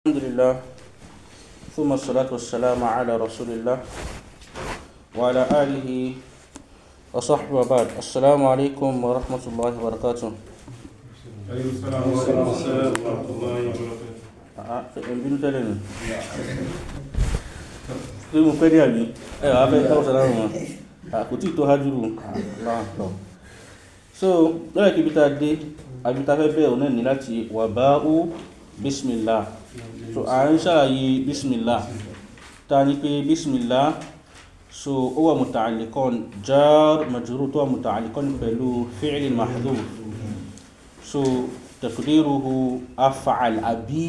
الحمد لله ثم الصلاة والسلام على رسول الله وعلى آله وصحبه بعد السلام عليكم ورحمة الله وبركاته عليكم ورحمة الله وبركاته بنو تلين tí mo pẹ́ ní àmì so lọ́rẹ̀kí bí ta dé ta fẹ́ bẹ́ẹ̀ ọ̀nà ní láti wà bá ó so à ń ṣàlàyé bísmìlá ta ní pé bísmìlá so ó wà muta'alliqan jar majrur tó wà muta'alliqan pẹ̀lú fi'l mahdhuf so taqdiruhu af'al àbí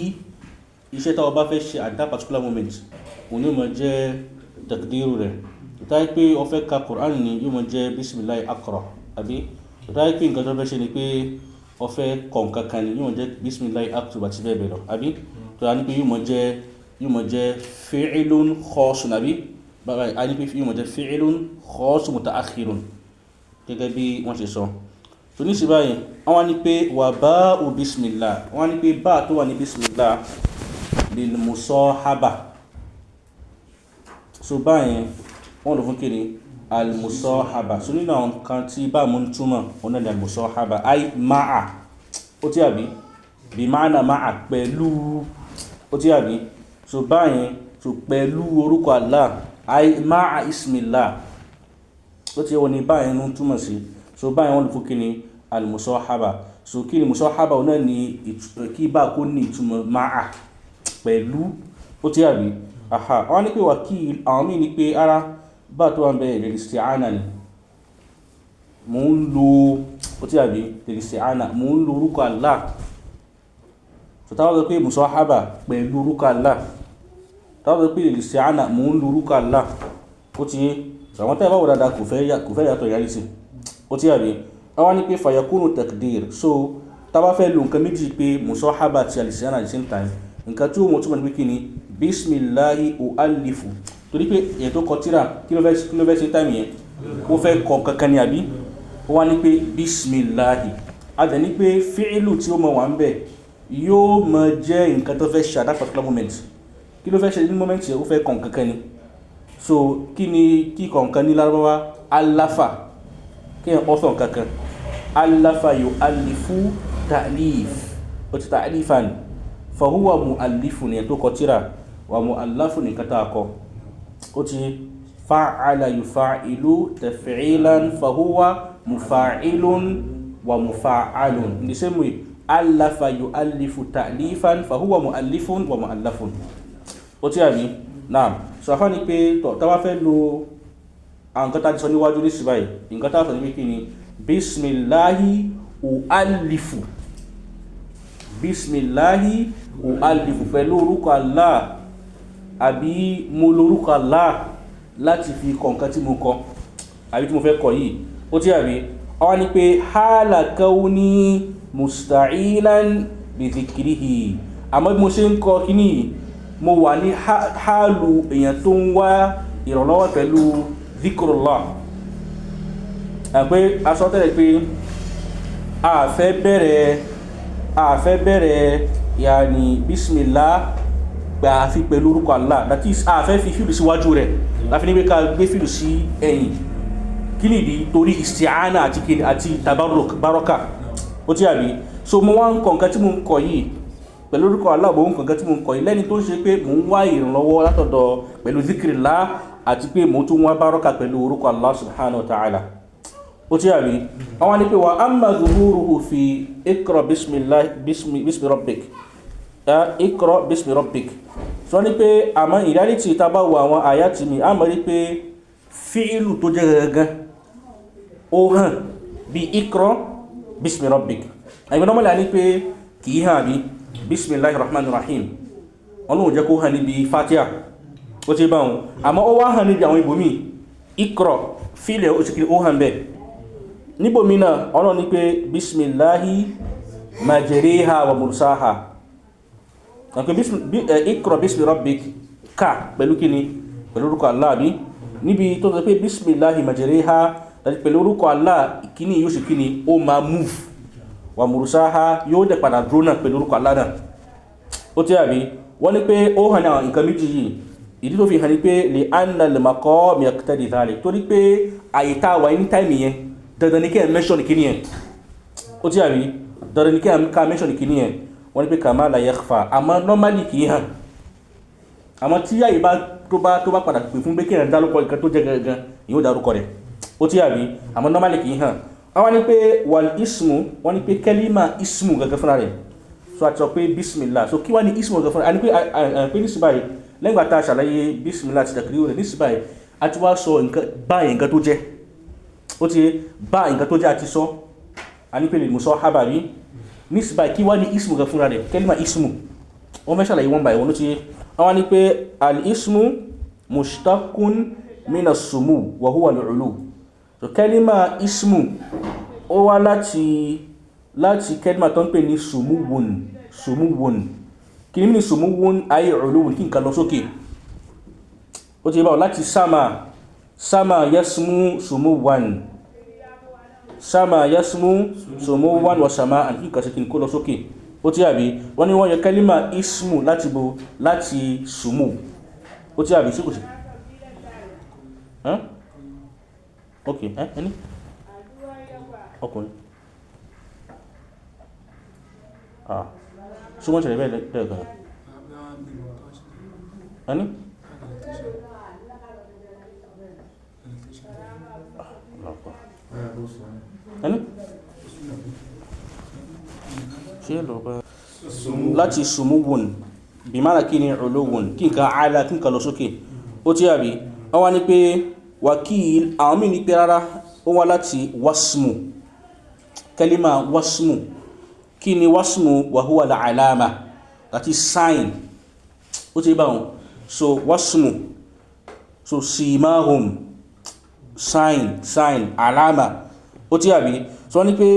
iṣẹ́ táwọn bá fẹ́ ṣe at that particular moment òní ó máa jẹ́ taqdiru rẹ̀ táyé pé ó fẹ́ ka Qur'an ni yóò máa jẹ́ bismillahi aqra àbí táyé pé nǹkan tó fẹ́ ṣe ni pé ó fẹ́ kọ̀ǹkankan ni yóò máa jẹ́ bismillahi aktuba àti bẹ́ẹ̀ bẹ́ẹ̀ lọ àbí tó a ní pé yóò mọ̀ jẹ́ yóò mọ̀ jẹ́ fi'ilun khasun àbí bàbá a ní pé yóò mọ̀ jẹ́ fi'ilun khasun muta'akhirun gẹ́gẹ́ bí wọ́n ṣe sọ tó ní sí báyìí wọ́n ní pé wà bá ò bismillah wọ́n ní pé bá tó wà ní bismillah lil musahaba so báyìí wọ́n lò fún kí ni almusahaba so nínú àwọn kan tí bá mú túmọ̀ òun náà ni almusahaba ai ma'a ó tí àbí bí ma'ana ma'a pẹ̀lú ó ti àbí so báyìí so pẹ̀lú orúkọ Allah ma'a ismillah ó ti wọ́n ní báyìí ló túmọ̀ sí so báyìí wọ́n lè fún kíni al-musahaba so kíni musahaba náà ni kí bá kó ní ìtumọ̀ ma'a pẹ̀lú ó ti àbí aha wọ́n ní pé wàkíl àwọn míì ní pé ara bá tó wà ń bẹ̀rẹ̀ isti'ana ni mò ń lo ó ti àbí isti'ana mò ń lo orúkọ Allah so táwọn sọ pé musahaba pẹ̀lú orúkọ Allah táwọn sọ pé isti'ana mò ń lo orúkọ Allah ó ti yé àwọn tẹ́ẹ̀ bá wò dáadáa kò fẹ́ yàtọ̀ ìyá sí ó ti yàrí àwọn ni pé fayakunu takdir so tábà fẹ́ lo nǹkan méjì pé musahaba àti al-isti'ana at the same time nǹkan tí ó mọ̀ túmọ̀ ní pé kí ni bismillahi u'allifu torí pé èyàn tó kọ tíra kí ló fẹ́ ṣe táìmì yẹn ó fẹ́ kọ kankan ni àbí ó wá ní pé bismillahi a dẹ̀ ní pé fíìlù tí ó mọ̀ wà ń bẹ̀ yóò mọ jẹ́ nǹkan tó fẹ́ ṣe at that particular moment kí ló fẹ́ ṣe ní moment yẹn ó fẹ́ kàn kankan ni so kí ni kí kọ̀ọ̀kan ní lárúbáwá aláfà kí yẹn ọ̀sán kankan aláfà yóò alifu ta'lif ó ti ta'lifa ni fahuwa mu alifu ni tó kọ tíra wà mu aláfù ni kátà kọ ó ti fa'ala yufa'ilu taf'ilan fahuwa mufa'ilun wa mufa'alun in the same way alafa yu'allifu ta'lifan fa huwa mu'allifun wa mu'allafun ó tí àmì náà sọ afá ni pé tọ́wá fẹ́ lo àǹkan tàbí sọ níwájú ní sí báyìí nǹkan tàbí sọ ní wíkí ni bismillahi u'allifu bismillahi u'allifu pẹ̀lú orúkọ Allah àbí mo lórúkọ Allah láti fi kọ nǹkan tí mo kọ àbí tí mo fẹ́ kọ yìí ó tí àmì ọwá ni pé hálàkọ́ musta'ilan bi dhikrihi àmọ́ bí mo ṣe ń kọ kíní mo wà ní hálù èèyàn tó ń wá ìrànlọ́wọ́ pẹ̀lú dhikrullah àpé asọ́tẹ̀lẹ̀ pé a fẹ́ bẹ̀rẹ̀ a fẹ́ bẹ̀rẹ̀ yàní bismillah gbà àfi pẹ̀lú orúkọ Allah that is a fi fílù síwájú rẹ̀ láfi ní ká gbé fílù sí ẹ̀yìn kí nìdí torí isti'ana àti tabarok baraka ó ti àbí so mo wá ń kọ nǹkan tí mo ń kọ yìí pẹ̀lú orúkọ aláàbò ń kọ nǹkan tí mo ń kọ yìí lẹ́ni tó ń ṣe pé mò ń wá ìrànlọ́wọ́ látọ̀dọ̀ pẹ̀lú zikirila àti pé mò ń tún wá bárọ́kà pẹ̀lú orúkọ Allah subhanahu wa ta'ala ó ti àbí àwọn ni pé wa amma zuhuruhu fi ikra bismi rabbik ikra bismi rabbik sọ ni pé àmọ́ ìrẹ́lítì tá bá wo àwọn àyà tì mí àmọ́ rí pé fíìlù tó jẹ́ gangan ó hàn bí ikra bísmi rọ́bìk ẹgbẹ́ nọ́mọ́lá ní pé kìí hàn bí bismillahi rahman rahim ọlọ́run jẹ́ kó hàn níbi fatiha ó ti bá wọn àmọ́ ó wá hàn níbi àwọn ibòmí ikra fílẹ̀ ó ti kiri ó hàn bẹ́ẹ̀ níbòmí náà ọlọ́run ní pé bismillahi majriha wa mursaha ikra eh, bismi rabbik ká pẹ̀lú kíni pẹ̀lú orúkọ aláàbí níbi tó sọ pé bismillahi majriha láti pẹ̀lú orúkọ Allah ìkíní yóò ṣe kíni ó máa move wà mùrùsáhá yóò dẹ̀ padà dúró náà pẹ̀lú orúkọ Allah náà ó ti àbí wọ́n ní pé ó hàn àwọn nǹkan méjì yìí ìdí tó fi hàn ní pé lè anna lè makọ́ mẹ́kítẹ́dì ìtàlẹ̀ torí pé àyè tá a wà ní táìmì yẹn dandan ní kí ẹ mẹ́ṣọ́ ní kíní yẹn ó ti àbí dandan ní kí ẹ ká mẹ́ṣọ́ ní kíní yẹn wọ́n ní pé kàmá la yakhfa àmọ́ nọ́málì kì í hàn àmọ́ tí àyè bá tó bá padà pè fún pé kí ẹ dárúkọ nǹkan tó jẹ gangan yóò dárúkọ rẹ̀ ó ti àbí àmọ́ normally kì í hàn wọ́n ní pé wal ismu wọ́n ní pé kẹ́límà ismu gẹ́gẹ́ fúnra rẹ̀ so àti sọ pé bismillah so kí wọ́n ní ismu gẹ́gẹ́ fúnra rẹ̀ àní pé àpé nísìbà yìí lẹ́gbàá tá a ṣàlàyé bismillah ti dàkìrí rẹ̀ nísìbà yìí a ti wá sọ nǹkan báyìí nǹkan tó jẹ́ ó ti bá nǹkan tó jẹ́ àti sọ àní pé lè mú sọ habari nísìbà kí wọ́n ní ismu gẹ́gẹ́ fúnra rẹ̀ kẹ́límà ismu wọ́n fẹ́ ṣàlàyé wọn báyìí wọn ló ti so kẹ́límà ismu ó wá láti láti kẹ́límà tó ń pè ní sumuwun sumuwun kí ní sumuwun ayé olówun kí n kan lọ sókè ó ti báwọ̀ láti sama sama yasmu sumuwan sama yasmu sumuwan wa sama and kí n kan sí kí n kó lọ sókè ó ti àbí wọ́n ní wọ́n yẹ kẹ́límà ismu láti bo láti sumu ó ti àbí sí kò sí ok ẹ ẹni ọkùnrin ah ṣùgbọ́n ṣẹlẹ̀ bẹ́ẹ̀ lẹ́ẹ̀kan ẹni ẹni ṣe lọ bá láti sumuwun bí mára kí ni olówun kí n ka àìlà kí n ka lọ sókè ó tí àbí wọ́n wá ní pé wakil àwọn mí ní pé rárá ó wá láti wasmu kẹlímà wasmu kí ni wasmu wàhúwà làálàmà àti sign ó ti bá wọn so wasmu so simahum sign sign alama ó ti àbí so wọ́n ní pé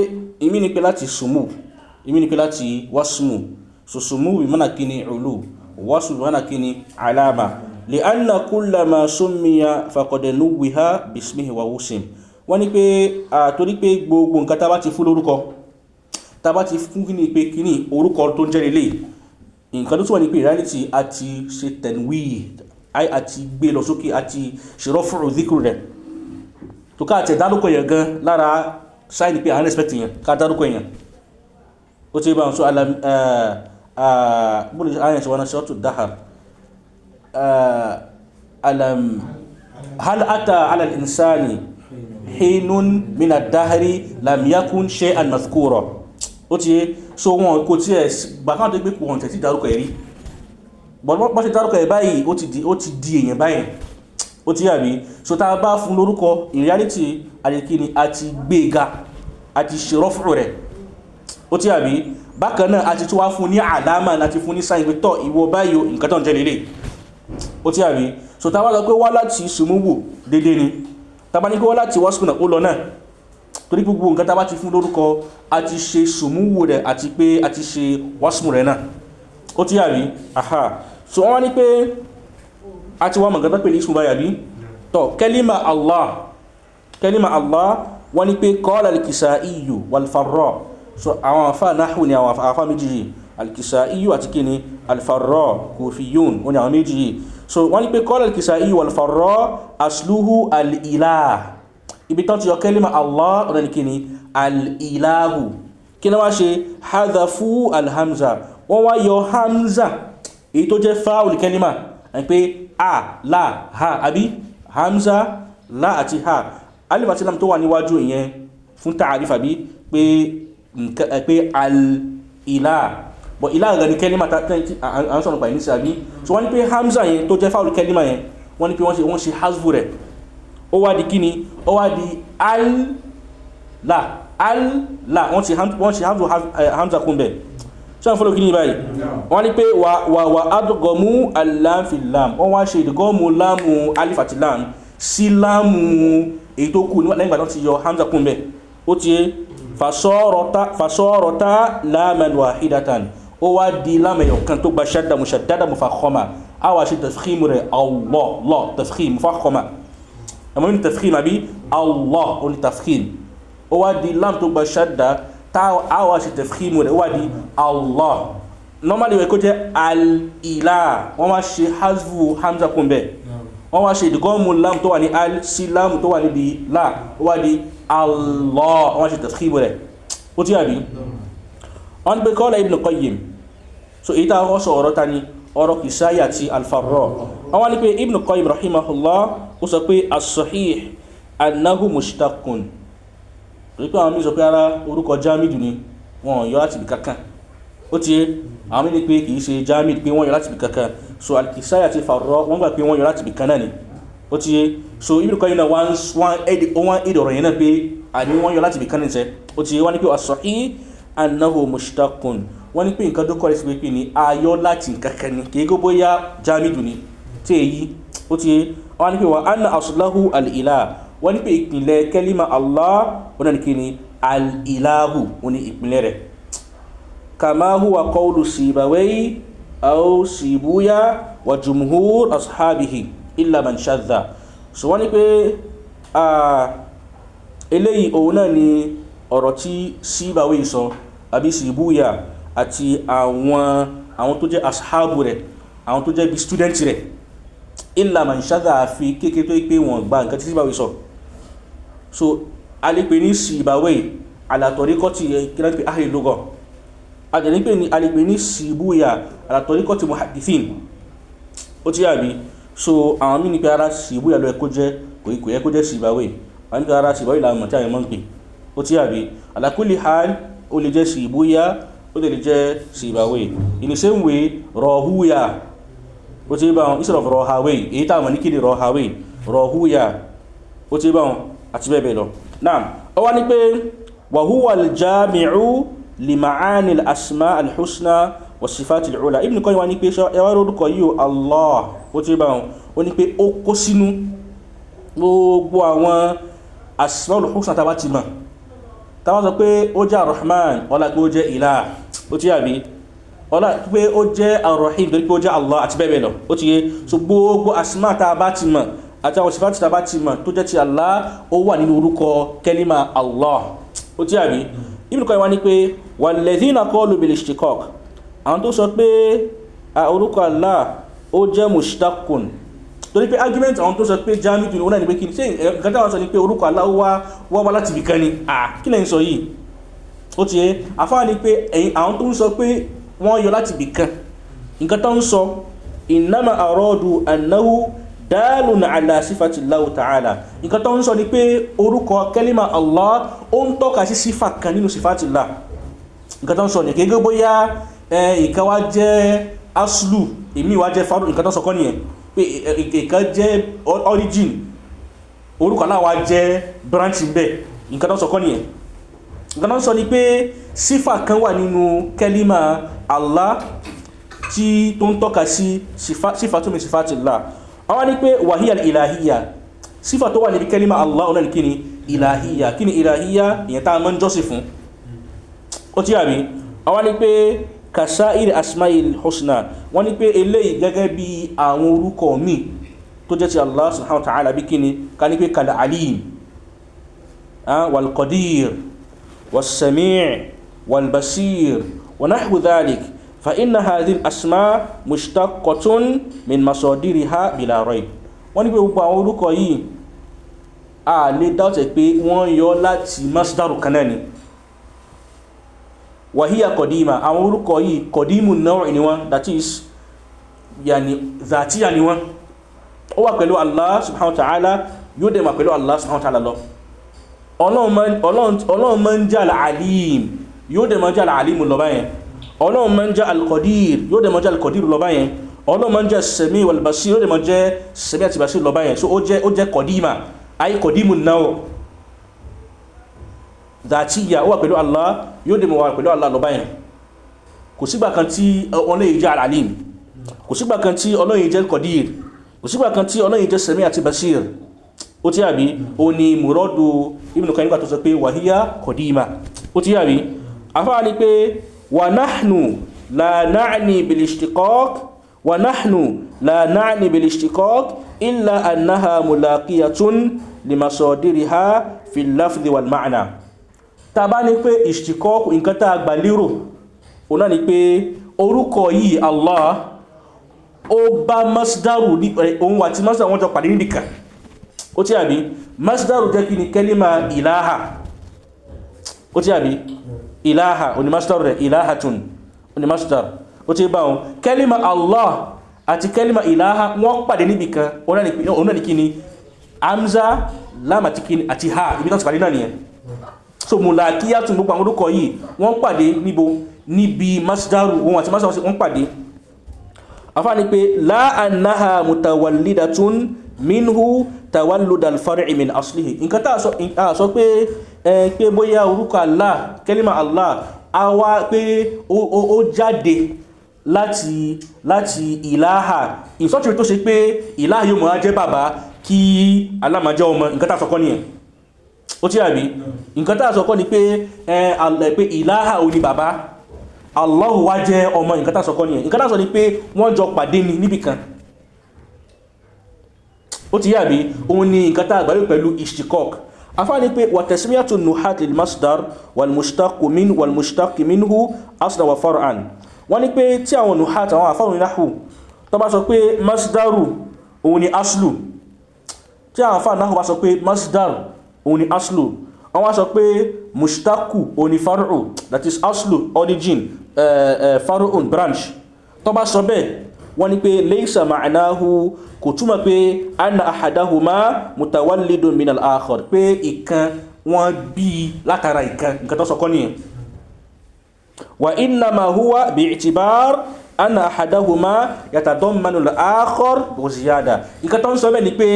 ìmí ní pé láti sumu ìmí ní pé láti wasmu so sumu bí kí ni ulu wasmu bí kí ni alama li'anna kullama summiya faqad nuwwiha bismihi wa usim wọ́n ní pé àtorí pé gbogbo nǹkan tá bá ti fún lórúkọ tá bá ti fún kíní pé kíní orúkọ tó ń jẹ́ lélẹ̀ nǹkan tó túnmọ̀ ní pé reality àti ṣe tẹ̀wí àti gbé lọ sókè àti ṣèrọ́fọ̀rọ̀ zikru rẹ̀ tó ká àti ẹ̀dálókọ̀ yẹn gan lára sáìnì pé à ń yẹn ká dárúkọ yẹn ó ti bá wọn sọ alam bóni ayẹ̀ṣẹ̀ wọn ṣọ́tù dáhàrá alam hal ata ala al-insani hinun min ad-dahri lam yakun shay'an madhkura ó ti yé so wọn kò tiẹ̀ gbàkan tó gbé kò wọn tẹ̀sí dárúkọ ẹ̀rí bọ́n ṣe dárúkọ ẹ̀ báyìí ó ti di èèyàn báyìí ó ti yà so tá bá fún lórúkọ in reality àdìkíni a ti gbé ga rẹ̀ ó ti yà bákan náà a ti wá fún ní àlámà láti fún ní sáyìn pé tọ́ ìwọ báyìí nǹkan tó ń jẹ́ lélẹ̀ ó tí àrí so ta wá lọ pé wá láti sùmúwò dédé ni ta bá ní pé wá láti wáṣùkùnà ó lọ náà torí gbogbo nǹkan ta bá ti fún lórúkọ a ti ṣe sùmúwò rẹ̀ àti pé a ti ṣe wáṣùmù rẹ̀ náà ó tí àrí aha so wọ́n ní pé a ti wá mọ̀ gata pẹ̀lú ìṣùnbà yàbí tọ́ kẹ́límà Allah kẹ́límà Allah wọ́n ní pé qala al-Kisaiyu wal-Farra so àwọn àfà náhù ni àwọn àfà méjì yìí alkisa'iyu àti kíni alfarra kufiyun ó ní àwọn méjì yìí so wọ́n ní pé kọ́lá alkisa'iyu alfarra asluhu al'ilah ibi tán ti yọ kẹ́límà allah ọ̀nà ní kíni al'ilahu kí ni wá ṣe hadhafu alhamza wọ́n wá yọ hamza èyí tó jẹ́ fáwọlì kẹ́límà àti pé a la ha àbí hamza la àti ha alif tó wà níwájú ìyẹn fún ta'arifa bí pé al-ilah but ìlànà gan ni kẹ́límà tá à ń sọ̀rọ̀ pàì níṣẹ́ so wọ́n ní pé hamza yẹn tó jẹ́ fáwọn kẹ́límà yẹn wọ́n ní pé wọ́n ṣe wọ́n ṣe hasbu rẹ̀ ó wá di kíni ó wá di al-la al-la wọ́n ṣe hamza hamza kún bẹ̀ ṣe ń fọ́lọ̀ kíni báyìí wọ́n ní pé wà wà adgọmú aláǹfìlám wọ́n wá ṣe ìdígọ́mù alifatilam sí láàmù èyí tó kù lẹ́yìn ìgbà tó ti yọ hamza kún wahidatan ó wá di lámẹ̀yọ̀ kan tó gba ṣáda mushaddada mufakhama a wá ṣe tafkhim rẹ̀ Allah lọ tafkhim mufakhama ẹ̀mọ́ ní tafkhim àbí Allah ó ní tafkhim ó wá di lam tó gba ṣáda a wá ṣe tafkhim rẹ̀ ó wá di Allah normally wẹ̀ kó jẹ́ al-ilá wọ́n wá ṣe hasvu hamza kún bẹ́ẹ̀ wọ́n wá ṣe ìdígọ́mù lam tó wà ní al sí lam tó wà níbi la ó wá di Allah wọ́n wá ṣe tafkhim rẹ̀ ó tí àbí wọ́n gbé kọ́lá Ibn Qayyim so èyí tá a kọ́ sọ ọ̀rọ̀ ta ni ọ̀rọ̀ kìsáyà ti alfarọ́ àwọn ni pé ibn qayyim rahimahullah ó sọ pé as-sahih annahu mushtaqun torí pé àwọn mi sọ pé ara orúkọ jamidu ni wọn yọ láti bì kankan ó ti àwọn mi ni pé kìí ṣe jamidu pé wọn yọ láti bì kankan so alkisaya ti farọ́ wọn gbà pé wọn yọ láti bì kan ni ó ti so ibn qayyim náà wọn èdè ọ̀rọ̀ yẹn náà pé àní wọn yọ láti bì kan ni sẹ́ ó ti wọn ni pé as-sahih annahu wọ́n ní pé nǹkan tó kọ́rẹ́ sí pé ní ayọ́ láti nǹkan kan ni kì í gbó bóyá jamidu ni tí èyí ó ti wọ́n ní pé wà anna aslahu al'ila wọ́n ní pé ìpìlẹ̀ kẹ́límà allah wọ́n ní kíni al'ilahu wọ́n ní ìpìlẹ̀ rẹ̀ kama huwa qawlu sibawai aw sibuya wa jumhur ashabihi illa man wọ́n ní pé eléyìí òun náà ni ọ̀rọ̀ tí sibawai sọ àbí sibuya àti àwọn àwọn tó jẹ́ ashabu rẹ̀ àwọn tó jẹ́ bí student rẹ̀ illa man shadha fi kékeré tó pé wọ́n gba nǹkan tí síbáwé sọ so a lè pè ní síbáwé ala tariqati kílápé ahli lugha a lè pè ní a lè pè ní síbúyà ala tariqati muhaddithin ó ti yàbí so àwọn mí ní pé ara síbúyà lọ ẹkó jẹ́ kò yẹ kó jẹ́ síbáwé a ní ara síbáwé làwọn mọ̀ tí àwọn mọ̀ ń pè ó ti yàbí ala kulli hal ó lè jẹ́ síbúyà ó lè jẹ́ sibawai in the same way rọ̀húyà ó ti bá wọn instead of rọ̀hàwai èyí tàà mọ̀ ní kíni rọ̀hàwai rọ̀húyà ó ti bá wọn àti bẹ́ẹ̀ bẹ́ẹ̀ lọ náà ó wá ní pé wàhúwà jami'u lima'ani al-asma al-husna wa sifati al-ula ibn Qayyim wá ní pé ẹwà orúkọ yìí Allah ó ti bá wọn ó ní pé ó kó gbogbo àwọn asma al-husna ti mọ̀ tàbá sọ pé ó jẹ́ ar ọlá pé ó jẹ́ Ilah ó ti àbí ọlá pé ó jẹ́ arọ̀hìm torí pé ó jẹ́ Allah àti bẹ́ẹ̀ bẹ́ẹ̀ lọ ó ti yé so gbogbo asma tá a bá ti mọ̀ àti àwọn sifati tá a bá ti mọ̀ tó jẹ́ ti Allah ó wà nínú orúkọ Allah ó ti àbí Ibn Qayyim wá ní pé walladhina qalu bil ishtiqaq àwọn tó sọ pé orúkọ Allah ó jẹ́ torí pé argument àwọn tó sọ pé wọn náà ní pé kí ni ṣé nǹkan táwọn sọ ni pé orúkọ Allah wá wá láti ó ti yé afá ni pé ẹ̀yìn àwọn tó ń sọ pé wọ́n yọ láti bì kan nǹkan tó ń sọ ìnáma àrọ́ọ̀dù ànáwó dáàlùn àlà sífàtì láwù nǹkan tó ń sọ ni pé orúkọ kẹ́límà allah ó ń tọ́ka sí sífà kan nínú sífàtì là nǹkan tó ń sọ ni gẹ́gẹ́ bóyá ìkan wá jẹ́ aslu èmi wá jẹ́ faru nǹkan tó sọ kọ́ pé ìkan jẹ́ origin orúkọ náà wá jẹ́ branch bẹ́ẹ̀ nǹkan tó sọ kọ́ nǹkan náà sọ ni pé sífà kan wà nínú kẹ́límà Allah tí tó ń tọ́ka sí sífà tó mi sífà ti là wọ́n wá ní pé wàhíyà ìlàhíyà sífà tó wà níbi kẹ́límà Allah ọ̀nà kí ni ìlàhíyà kí ni ìlàhíyà ìyẹn tá a mọ́ ń jọ́sìn fún ó tí àmì wọ́n ní pé kasair asmail husna wọ́n ní pé eléyìí gẹ́gẹ́ bí àwọn orúkọ míì tó jẹ́ ti Allah subhanahu wa ta'ala bí kí ká ní pé kal alim ah, wal qadir والسميع والبصير ونحو ذلك فإن هذه الأسماء مشتقة من مصادرها بلا ريب wọ́n ní pé gbogbo àwọn orúkọ yìí a lè dáwọ́tẹ̀ pé wọ́n yọ láti masdaru kan náà ni wàhíyà kọ̀díìmà àwọn orúkọ yìí kọ̀díìmù náà ni wọ́n that is yàní zàtíyà ni wọ́n ó wà pẹ̀lú Allah subhanahu wa ta'ala yóò dẹ̀ pẹ̀lú Allah subhanahu wa ta'ala lọ ọlọ́run mọ́ ń jẹ́ al'alim yóò dẹ̀ mọ́ jẹ́ al'alim lọ báyẹn ọlọ́run mọ́ ń jẹ́ al'qadir yóò dẹ̀ mọ́ jẹ́ al'qadir lọ báyẹn ọlọ́run mọ́ ń jẹ́ sẹ̀mí wal-basir yóò dẹ̀ mọ́ jẹ́ sẹ̀mí àti basir lọ báyẹn so ó jẹ́ ó jẹ́ kọ̀díma ayé kọ̀dímù náà dàtíyà ó wà pẹ̀lú Allah yóò dẹ̀ mọ́ wà pẹ̀lú Allah lọ báyẹn kò sígbà kan tí ọlọ́run jẹ́ al'alim kò sígbà kan tí ọlọ́run jẹ́ kọ̀dír kò sígbà kan tí ọlọ́run jẹ́ sẹ̀mí àti basir ó tí àbí ó ní mùrọ́dù Ibn Qayyim nígbà tó sọ pé wàhíyá kọ̀díìmà ó tí àbí afáà ni pé wà náhnu la na'ni bil ishtiqaq wà náhnu la na'ni bil ishtiqaq illa annaha mulaqiyatun limasodiriha fil lafzi wal ma'na ta bá ní pé ishtiqaq nǹkan tá gbà lérò ó náà ni pé orúkọ yìí Allah ó bá masdaru ohun eh, àti masdaru wọn jọ pàdé nídìkan ó tí àbí masdaru jẹ́ kí ni kẹlímà ìláhà ó tí àbí ìláhà oní masdaru rẹ̀ ìláhàtún oní masdaru ó tí bá wọn kẹlímà allah àti kẹlímà ìláhà wọ́n pàdé níbi kan òun náà ní kí ni amza lam àti kí ni àti ha ibi tán ti pàdé náà nìyẹn so mùlàkíyàtún gbogbo àwọn orúkọ yìí wọ́n pàdé níbo níbi masdaru wọn àti masdaru wọ́n pàdé afá ni pé láàánáà mutawalladatun minhu tawallud al-far'i min aslihi nǹkan tá a sọ pé pé bóyá orúkọ allah kẹ́límà allah a wá pé O jáde láti láti ìláhà ìsọ́tìrì tó ṣe pé ìláhà yóò mọ̀ á jẹ́ bàbá kí alámàjẹ́ ọmọ nǹkan tá a sọkọ́ nìyẹn ó tí àbí nǹkan tá a sọkọ́ ni pé ìláhà ò ní bàbá allahu wá jẹ́ ọmọ nǹkan tá a sọkọ́ nìyẹn nǹkan tá sọ ni pé wọ́n jọ pàdé ni níbìkan ó ti yàbí òun ni nǹkan tá àgbáyé pẹ̀lú ishtikok afáàní pé wà tasmiyatu nuhat lil masdar wal mushtaqu min wal mushtaqu minhu aslan wa far'an wọ́n ní pé tí àwọn nuhat àwọn àfáwọn nahwu tó bá sọ pé masdaru òun ni aslu tí àwọn àfáà nahwu bá sọ pé masdaru òun ni aslu wọ́n sọ pé mushtaku òun ni far'u that is aslu origin uh, uh, far'un branch tó bá sọ bẹ́ẹ̀ wọ́n ní pé laysa ma'nahu kò túmọ̀ pé anna ahadahuma mutawallidun min al-akhar pé ìkan wọ́n bí látara ìkan nǹkan tó sọkọ́ nìyẹn wa innama huwa bi'tibar anna ahadahuma yatadammanu al-akhar bi ziyada ìkan tó ń sọ bẹ́ẹ̀ pé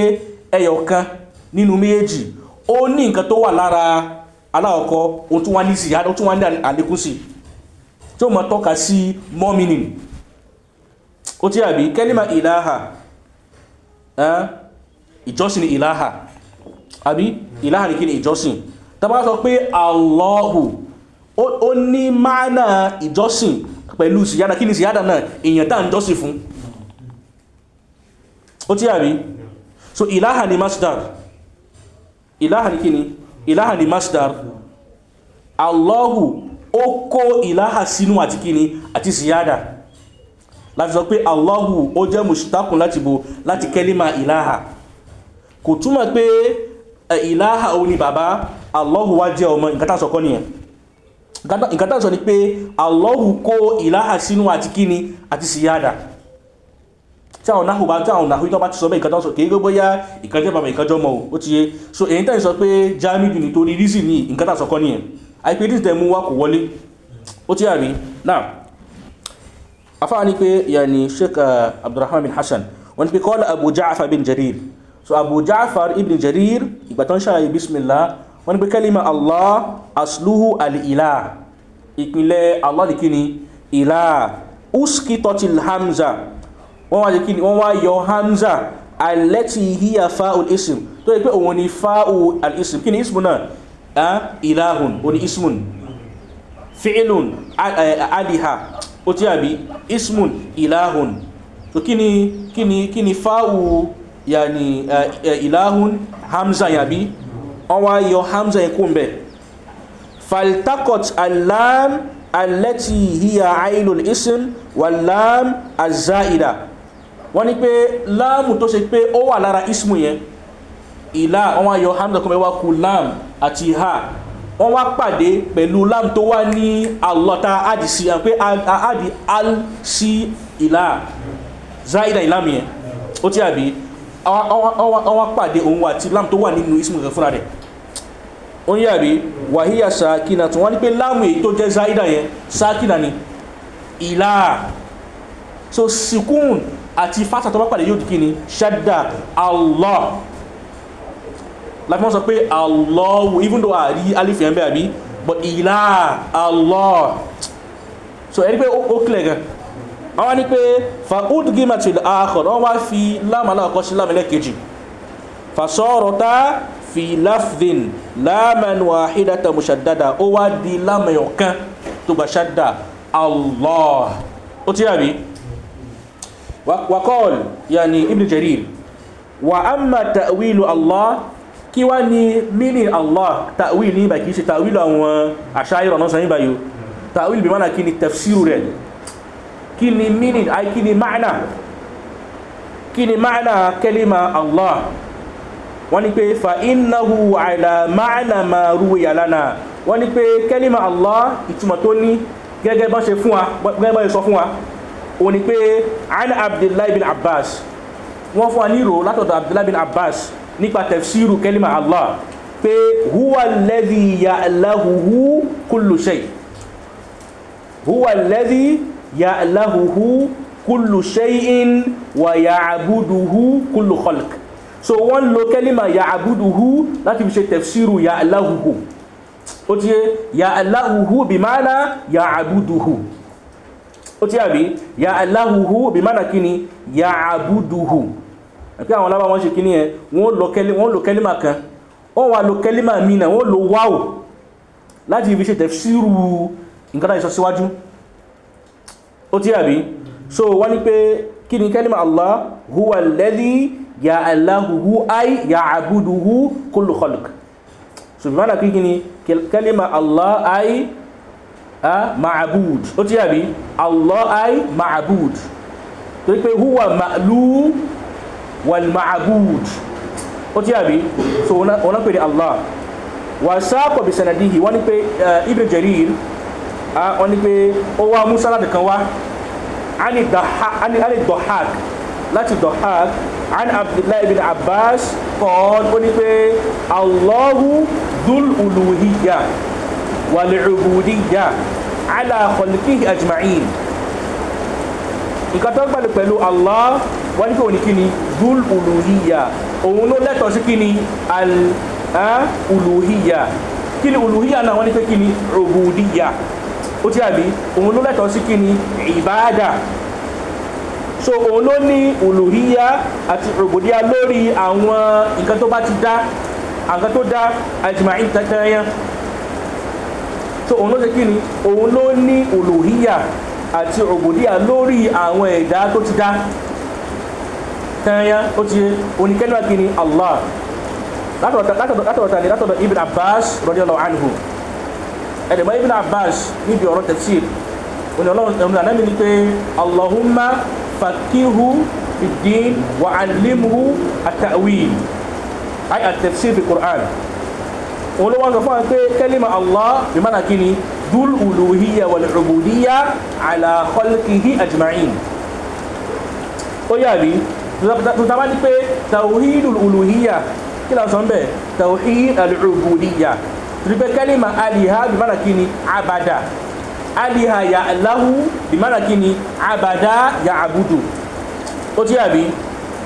ẹyọ kan nínú méjèèjì ó ní nǹkan tó wà lára aláwọ̀kọ́ ó tún wá ní ziyada ó tún wá ní àlékún sí tí mọ̀ tọ́ka sí more ó tí àbí kẹ́límà ìláhà ìjọsìn ìláhà àbí ìláhà ní kí ni ìjọsìn tàbá sọ pé Allahu ó ní máànà ìjọsìn pẹ̀lú síyádà kí ni síyádà náà èyàn tàà ń jọ́sìn fún ó tí àbí so ìláhà ni masdar ìláhà ni kí ni ìláhà ni masdar Allahu ó kó ìláhà sínú àti kí ni àti síyádà láti sọ pé Allahu ó jẹ́ mùsùtákùn láti bo láti kẹ́límà ìláhà kò túmọ̀ pé ìláhà ó ní bàbá Allahu wá jẹ́ ọmọ nǹkan tàṣọ kọ́ nìyẹn nǹkan tàṣọ ni pé Allahu kó ìláhà sínú àti kíni àti síyáàdà tí àwọn náhùn bá tí àwọn náhùn tó bá ti sọ bẹ́ẹ̀ ìkàtọ́ kìí gbogbo yá ìkàjẹ́ bàbá ìkàjọ́ mọ̀ ó ti yé so èyí tẹ́ sọ pé jamiu nítorí rísì ní nǹkan tàṣọ kọ́ nìyẹn àìpé dísì mú wá kò wọlé ó ti yà náà afáà ní pé yàní sheikh uh, abdulrahman bin hasan wọ́n ní pé kọ́lá abu ja'far bin jarir so abu ja'far ibn jarir ìgbà tó ń ṣàlàyé bismillah wọ́n ní pé kẹ́límà allah asluhu al-ilah ìpínlẹ̀ allah ní kíni ilah uskitotil hamza wọ́n wá kíni wọ́n wá yọ hamza alẹ́tì hiya fa'ul ism tó yẹ pé òun ni fa'ul al-ism kíni ismu náà ah, ilahun òun ismun fi'ilun eh, aliha ó tí àbí ismun ilahun so kí ni kí ni kí ni fáwù yàní eh, eh, ilahun hamza yàbí wọ́n wá yọ hamza yẹn kún bẹ̀ faltakot alam alẹ́tì hiya ainul ism walam azaida wọ́n ni pé láàmù tó ṣe pé ó wà lára ismu yẹn ìlà wọ́n wá yọ hamza kún wá kú lam àti ha wọ́n wá pàdé pẹ̀lú lam tó wá ní alọ́ta adi sí pé adi al sí ìlà zaida ìlà ó ti àbí wọ́n wá pàdé òun àti lam tó wà nínú ismu rẹ̀ fúnra rẹ̀ ó ń yàrí wàhíyà sàákínà tí wọ́n ní pé láàmù èyí tó jẹ́ zaida yẹn sàákínà ni ìlà so sikun àti fásitì tó bá pàdé yóò di ni ṣẹ́dà allah like wọ́n sọ pé allah even though a rí alif yẹn bẹ́ẹ̀ àbí but ìlà allah so ẹni pé ó clear gan wọ́n wá ní pé fa'ud gimatil akhor wọ́n wá fi lámàlá ọkọ̀ sí lámàlá kejì fasọ́rọ̀ta fi láfdín lámàn wàhídàtà mùsàdádà ó wá di lámàyàn kan tó gbà ṣádà allah ó tí àbí wakọ́ọ̀lù yà ibn jarir wa amma ta'wilu allah kí wá ní mini allah ta'wil ní ìbàkí ṣe ta'wil àwọn àṣáyìrọ̀ náà sàn ìbàyò ta'wil bí mánà kí ni tafsiru rẹ̀ kí ni mini ay kí ni ma'na kí ni ma'na kẹlima allah wọ́n ni pé fa innahu ala ma'na ma ruwiya lana wọ́n ni pé kẹlima allah ìtumọ̀ tó ní gẹ́gẹ́ bá ṣe fún wa gẹ́gẹ́ bá ṣe sọ fún wa òun ni pé ala abdullahi bin abbas wọ́n fún wa ní ìrò látọ̀dọ̀ abdullahi bin abbas nípa tafsiru kẹlímà Allah pé huwa alladhi ya'lahuhu kullu shay huwa alladhi ya'lahuhu kullu shay'in wa ya'buduhu kullu khalq so wọ́n lo kẹlímà ya'buduhu láti fi ṣe tafsiru ya'lahuhu ó ti yé ya'lahuhu bí mánà ya'buduhu ó ti yàbí ya'lahuhu bí mánà kíni ya'buduhu pé àwọn alábà wọn ṣe kí ní ẹ wọ́n lo kẹ́límà kan wọ́n wá lo kẹ́límà míì náà wọ́n lo wáò láti ibi ṣe tẹ̀fsíru nǹkan láti sọ síwájú ó tí àbí so wọ́n ní pé kí ni kẹ́límà Allah huwa alladhi ya'lahuhu ay ya'buduhu kullu khalq so bí mọ́nà kí ni kẹ́límà Allah ay ma'abud ó tí àbí Allah ay ma'abud torí pé huwa ma'lú walmaabud ó tí àbí so ọ̀nà pè ní allah wà sáàpọ̀ bí sanadihi wọ́n ni pé eh, ibn jarir wọ́n ni pé ó wá musa láti kan wá ani dohak láti dohak an abdullahi ibn abbas kan ó ni pé allahu dhul uluhiyya wal ala khalqihi ajma'in nǹkan tó gbàlù allah wọ́n ní pé òní kíni dúl uluhiyya òun ló lẹ́tọ̀ọ́ sí kíni al uluhiyya kíni uluhiyya náà wọ́n ní pé kíni ubudiyya ó ti àbí òun ló lẹ́tọ̀ọ́ sí kíni ìbáàdà so òun ló ní uluhiyya àti ubudiyya lórí àwọn nǹkan tó bá ti dá nǹkan tó dá àjùmáì tẹ́tẹ́yẹn so òun ló ṣe kíni òun ló ní uluhiyya àti ubudiyya lórí àwọn ẹ̀dá tó ti dá tẹ́yà ó ti oníkẹ́lẹ́wà kí ni allah látọ̀dọ̀ta ni látọ̀dọ̀ ibn abbas radiyallahu anhu ẹ̀dẹ̀mọ́ eh, ibn abbas níbi ọ̀rọ̀ tafsir òní ọlọ́run ànábì ni pé allahumma fakihu fid-din wa allimhu at-ta'wil ay at-tafsir fi quran òun ló wá sọ fún wa pé kẹ́límà allah bí mánà kí ni dul uluhiyya wal ubudiyya ala khalqihi ajma'in ó yà rí tòtàbá ní pé tàwíìdù olùhíyà kí la sọ ń bẹ̀ tàwíìdù alùbùdíyà torí pé kẹ́lìmà alìhá bí mara kí ni abada alìhá yà láhù bí mara kí ni abada yà àbúdù ó tí àbí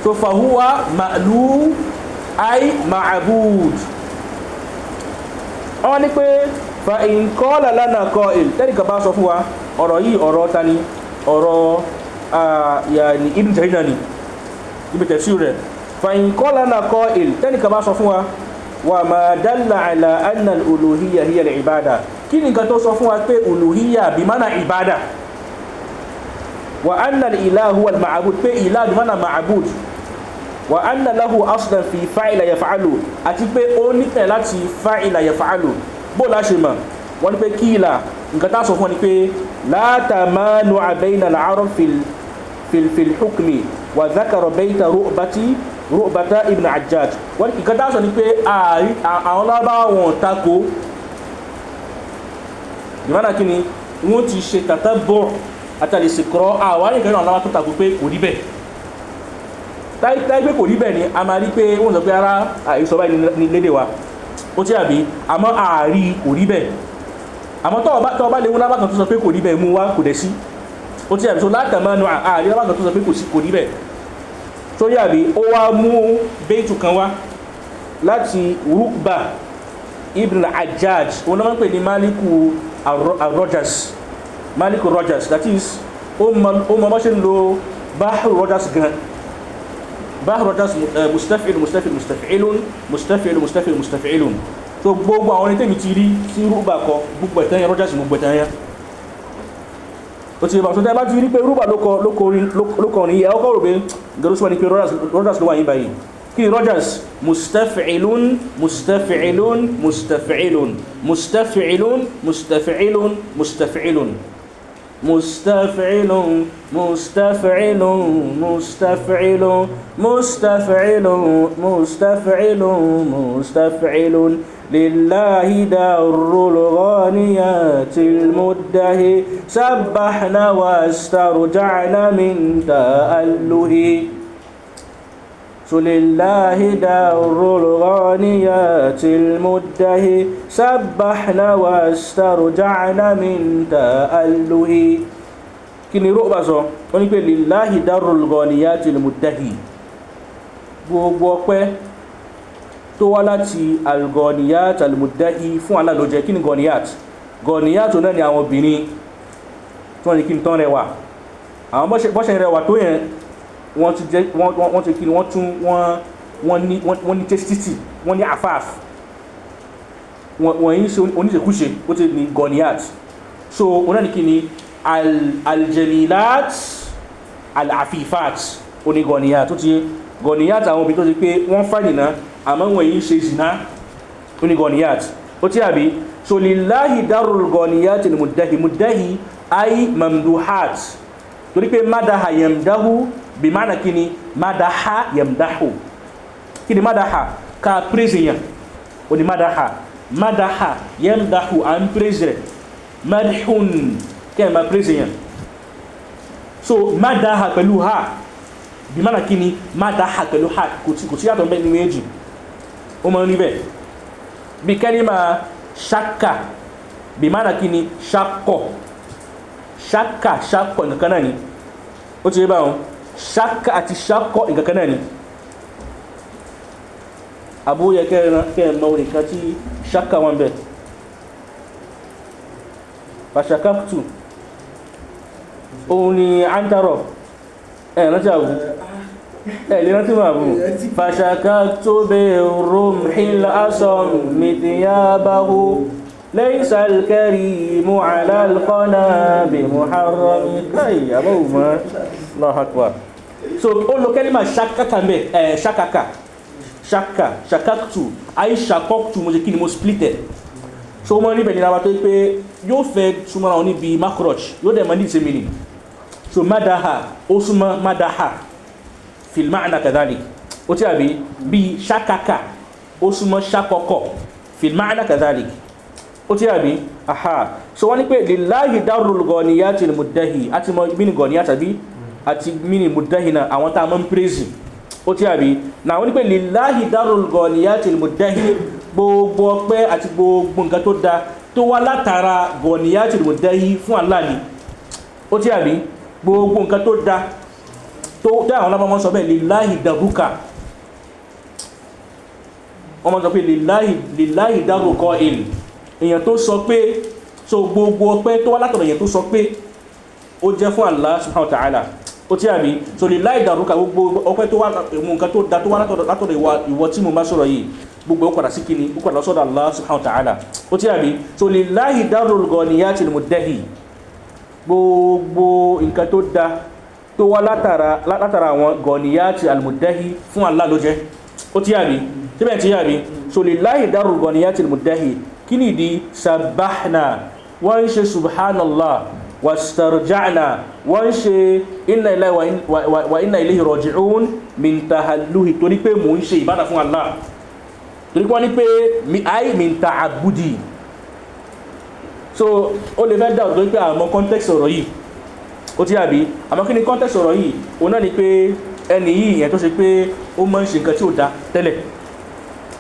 tó fàhúwa ai ma'abud wọ́n ní pé fa ìǹkọ́lá lánà kọ ìl tẹ́nìkan bá sọ fún wa ọ̀rọ̀ yìí ọ̀rọ̀ ta ni ọ̀rọ̀ yà ní ibùdó náà ibi tẹ̀síù rẹ̀ fàyìn kọ́lá náà kọ́ il tẹ́nìkan bá sọ fún wa wà máa dálà àlà anna olùhíyà hiya lè ìbádà kí ni nǹkan tó sọ fún wa pé olùhíyà bí mánà ìbádà wà anna ìlà huwa ma'abud pé ìlà bí mánà ma'abud wà anna lahu aslan fi fa'ila yaf'alu àti pé ó nípẹ̀ láti fa'ila yaf'alu bó la ṣe mọ̀ wọ́n ní pé kíìlà nǹkan tá sọ fún wa ni pé látàmánú àbẹ́yìn àlàárọ̀ fìlfìlhùkmi wà zákàrọ̀ bẹ́yìtà rúbàtí rubata ibn ajaj wọ́n ní ìkan dáṣọ ni pé àwọn lábáwọn tako ìmọ̀nà kí ni wọ́n ti ṣe tàtà bọ̀ àtàlẹ̀ ìsìnkọ́ àwọn àríkẹ́ náà lábá tó tako pé kò rí bẹ́ẹ̀ táìpé kò rí bẹ́ẹ̀ ni a máa rí pé wọ́n sọ pé ara àìsọ̀bá ní lédè wa ó tí àbí àmọ́ ààrí kò rí bẹ́ẹ̀ àmọ́ tọ́ọ̀bá lè wọ́n lábá kan tó sọ pé kò rí bẹ́ẹ̀ mú wá kò dẹ̀ sí tó ti àbíso látàmánu àárí lábàtà tó sọ pé kò sí kò rí bẹ́ẹ̀ tó yà bí ó wá mú bẹ́ẹ̀tù kan wá láti rúkbà ibn ajaj wọn náà máa ń pè ní maliku rogers maliku rogers that is ó mọ bá ṣe ń lo bahru rogers gan bahru rogers eh, mustafil mustafil Mustafil. mustafil mustafil Mustafil. so gbogbo àwọn ẹni tẹ́mi ti rí sí rúkbà kọ gbogbo ẹ̀tẹ́yẹn rogers gbogbo ẹ̀tẹ́yẹn ó ti yẹ bàtún tẹ́ bá ti rí pé rúbà ló kọrin yẹ ọkọ̀ rò pé gẹ̀rọ́sùwà ní pé Rogers ló wà yí báyìí kí Rogers mustafilun mustafilun mustafilun mustafilun mustafilun mustafilun مستفعل مستفعل مستفعل مستفعل مستفعل مستفعل لله دار الغانيات المده سبحنا واسترجعنا من تأله لله دار الغانيات المده سبحنا واسترجعنا من تأله kini rọ́bà sọ wọ́n ní pé lillahi darul ghaniyati al-muddahi gbogbo ọpẹ́ tó wá láti al-ghaniyat al-muddahi fún alálòjẹ́ kí ni ghaniyat ghaniyat náà ni àwọn obìnrin tí wọ́n ní kí n tán rẹwà àwọn bọ́ṣẹ̀ rẹwà tó yẹn wọ́n ti jẹ́ wọ́n ti kiri wọ́n tún wọ́n wọ́n ní wọ́n ní tẹ́sítì wọ́n ní àfáàf wọ́n yìí ṣe oníṣekúṣe ó ti ní goniat so wọ́n náà ní kí ni aljamilat alafifat oní goniat tó ti yé goniat àwọn obìnrin tó ti pé wọ́n fàdínà àmọ́ wọ́n yìí ṣe zina oní goniat ó ti àbí so lillahi darul goniat ni mudahi mudahi ay mamduhat torí pé madaha yamdahu bi maana kini madaha yamdahu kini madaha ka praise yan o ni madaha madaha yamdahu an praise rẹ madhun kẹ ma praise yan so madaha pẹ̀lú ha bi maana kini madaha pẹ̀lú ha kò tí kò tí yàtọ̀ mẹ́ni méjì ó mọ níbẹ̀ bí kẹ́límà ṣáka kini ṣakọ̀ ṣáka ṣakọ̀ nìkan náà ni ó ti rí ṣáka àti ṣákọ̀ ìkankan náà ni abúyẹ kẹrìnmọ́ orin kan tí ṣáka wọn bẹ̀ fàṣàkáptù òun ni àǹtarọ̀ ẹ̀rántí àbú ẹ̀lẹ́rántí máa bú fàṣàkáptù bẹ̀ rọ́m hìlá asọ̀ mìtìyà báhú ليس الكريم على القنا بمحرم كي أبوما الله أكبر so olo kalima shakaka mbe eh, shakaka shaka shakaktu ayi shakoktu mo se kini mo splited so mo níbẹ̀ nira wa tó pé yóò fẹ́ súnmọ́ ra wọn níbi macroch yóò dẹ̀ mọ́ ní ìsinmi ni so madaha ó súnmọ́ madaha fìlmà ànàkàdánì ó ti àbí bíi shakaka ó súnmọ́ shakọkọ fìlmà ànàkàdánì ó ti àbí aha so wọ́n ní pé lillahi darul ghaniyati al-muddahi àti mọ mini ghaniyati tàbí àti mini muddahi náà àwọn tá a mọ́ ń praise ó ti àbí náà wọ́n ní pé lillahi darul ghaniyati al-muddahi gbogbo ọpẹ́ àti gbogbo nǹkan tó da tó wá látara ghaniyati al-muddahi fún Allah ó ti àbí gbogbo nǹkan tó da tó dá àwọn lábàmọ́ sọ bẹ́ẹ̀ lillahi daruka wọ́n mọ́ sọ pé lillahi lillahi darul qa'il èèyàn tó sọ pé so gbogbo ọpẹ́ tó wá látọ̀dọ̀ èèyàn tó sọ pé ó jẹ́ fún Allah subhanahu wa ta'ala ó ti àbí so lè láì dàrúkà gbogbo ọpẹ́ tó wá mú nǹkan tó da tó wá látọ̀dọ̀ ìwọ tí mo bá sọ̀rọ̀ yìí gbogbo ó padà sí kíni ó padà sọ́dọ̀ Allah subhanahu wa ta'ala ó ti àbí so lè láì darul ghaniyatil muddahi gbogbo nǹkan tó da tó wá látara àwọn ghaniyatil muddahi fún Allah ló jẹ́ ó ti àbí síbẹ̀ ti àbí so lè láì darul ghaniyatil muddahi kí nìdí sabahna wọ́n ń ṣe subhanallah wastarja'na wọ́n ń ṣe inna ilahi wa inna ilayhi raji'un min tahalluhi torí pé mò ń ṣe ìbádà fún allah torí wọ́n ní pé ai min ta'abudi so ó lè fẹ́ dá ọ̀dọ́ pé àmọ́ context ọ̀rọ̀ yìí ó ti àbí àmọ́ kí ni context ọ̀rọ̀ yìí òun náà ni pé ẹni yìí ìyẹn tó ṣe pé ó máa ń ṣe nǹkan tí ó da tẹ́lẹ̀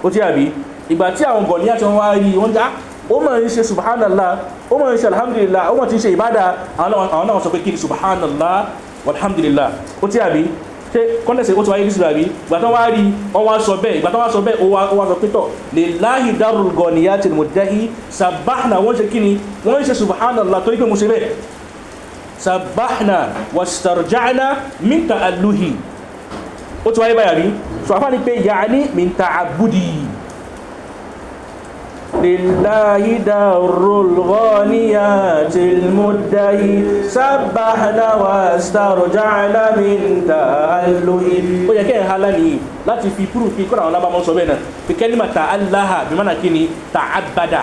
ó ti àbí ìgbà tí àwọn gọ̀ọ́lì àti wọn wá rí wọn dá ah, ó mọ̀ ń ṣe subhanallah ó mọ̀ ń ṣe alhamdulillah ó mọ̀ ti ń ṣe ìbádà àwọn náà sọ pé kí ni subhanallah walhamdulillah ó tí àbí ṣe kọ́ndẹ̀sẹ̀ ó ti wáyé nísìlẹ̀ àbí ìgbà tán wá rí wọ́n wá sọ bẹ́ẹ̀ ìgbà tán wá sọ bẹ́ẹ̀ ó wá sọ pé tọ̀ lillahi darul ghaniyati al-muddahi sabbahna wọ́n ṣe kíni wọ́n ṣe subhanallah torí pé mo ṣe bẹ́ẹ̀ sabbahna wastarja'na min ta'alluhi ó ti wáyé báyà rí sọ àfáà ni pé ya'ni min ta'abudi لله دار الغانيات المدعي سبحنا واسترجعنا من تألؤ ويا كان هلاني لا تفي برو في كل علامة من سبنا في كلمة الله بمعنى كني تعبدا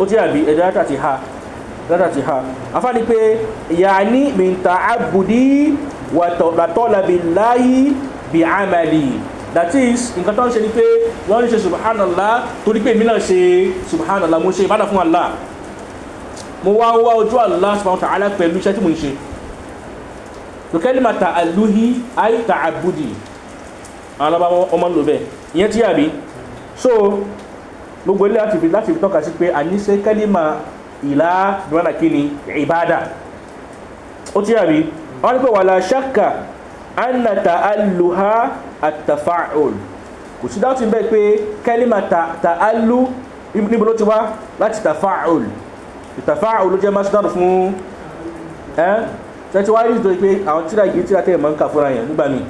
وتيا بي إذا تاتيها إذا تاتيها أفاني بي يعني من تعبدي وطلب الله بعملي that is nǹkan tó ń ṣe ni pé wọ́n ń ṣe subhanallah torí pé èmi náà ṣe subhanallah mo ṣe ìbádà fún Allah mo wá wá ojú Allah subhanahu wa ta'ala pẹ̀lú iṣẹ́ tí mo ń ṣe lókẹ́lì máa ta'alluhi ay ta àwọn ọba ọmọ ń lò bẹ́ẹ̀ ìyẹn ti yàbí so gbogbo ilé láti fi láti fi tọ́ka sí pé àníṣe kẹ́límà ìlà ìbádà kí ni ìbádà ó ti yàbí wọ́n ní pé wala shakka anna ta'alluha at-tafa'ul kò sí dáàtú bẹ́ẹ̀ pé kẹ́límà ta'allu níbo ló ti wá láti tafa'ul tafa'ul ló jẹ́ masdar fún ẹ́ tẹ́tí wáyé nítorí pé àwọn tíra yìí tíra tẹ́ ìmọ̀ ń kà fúnra yẹn nígbà míì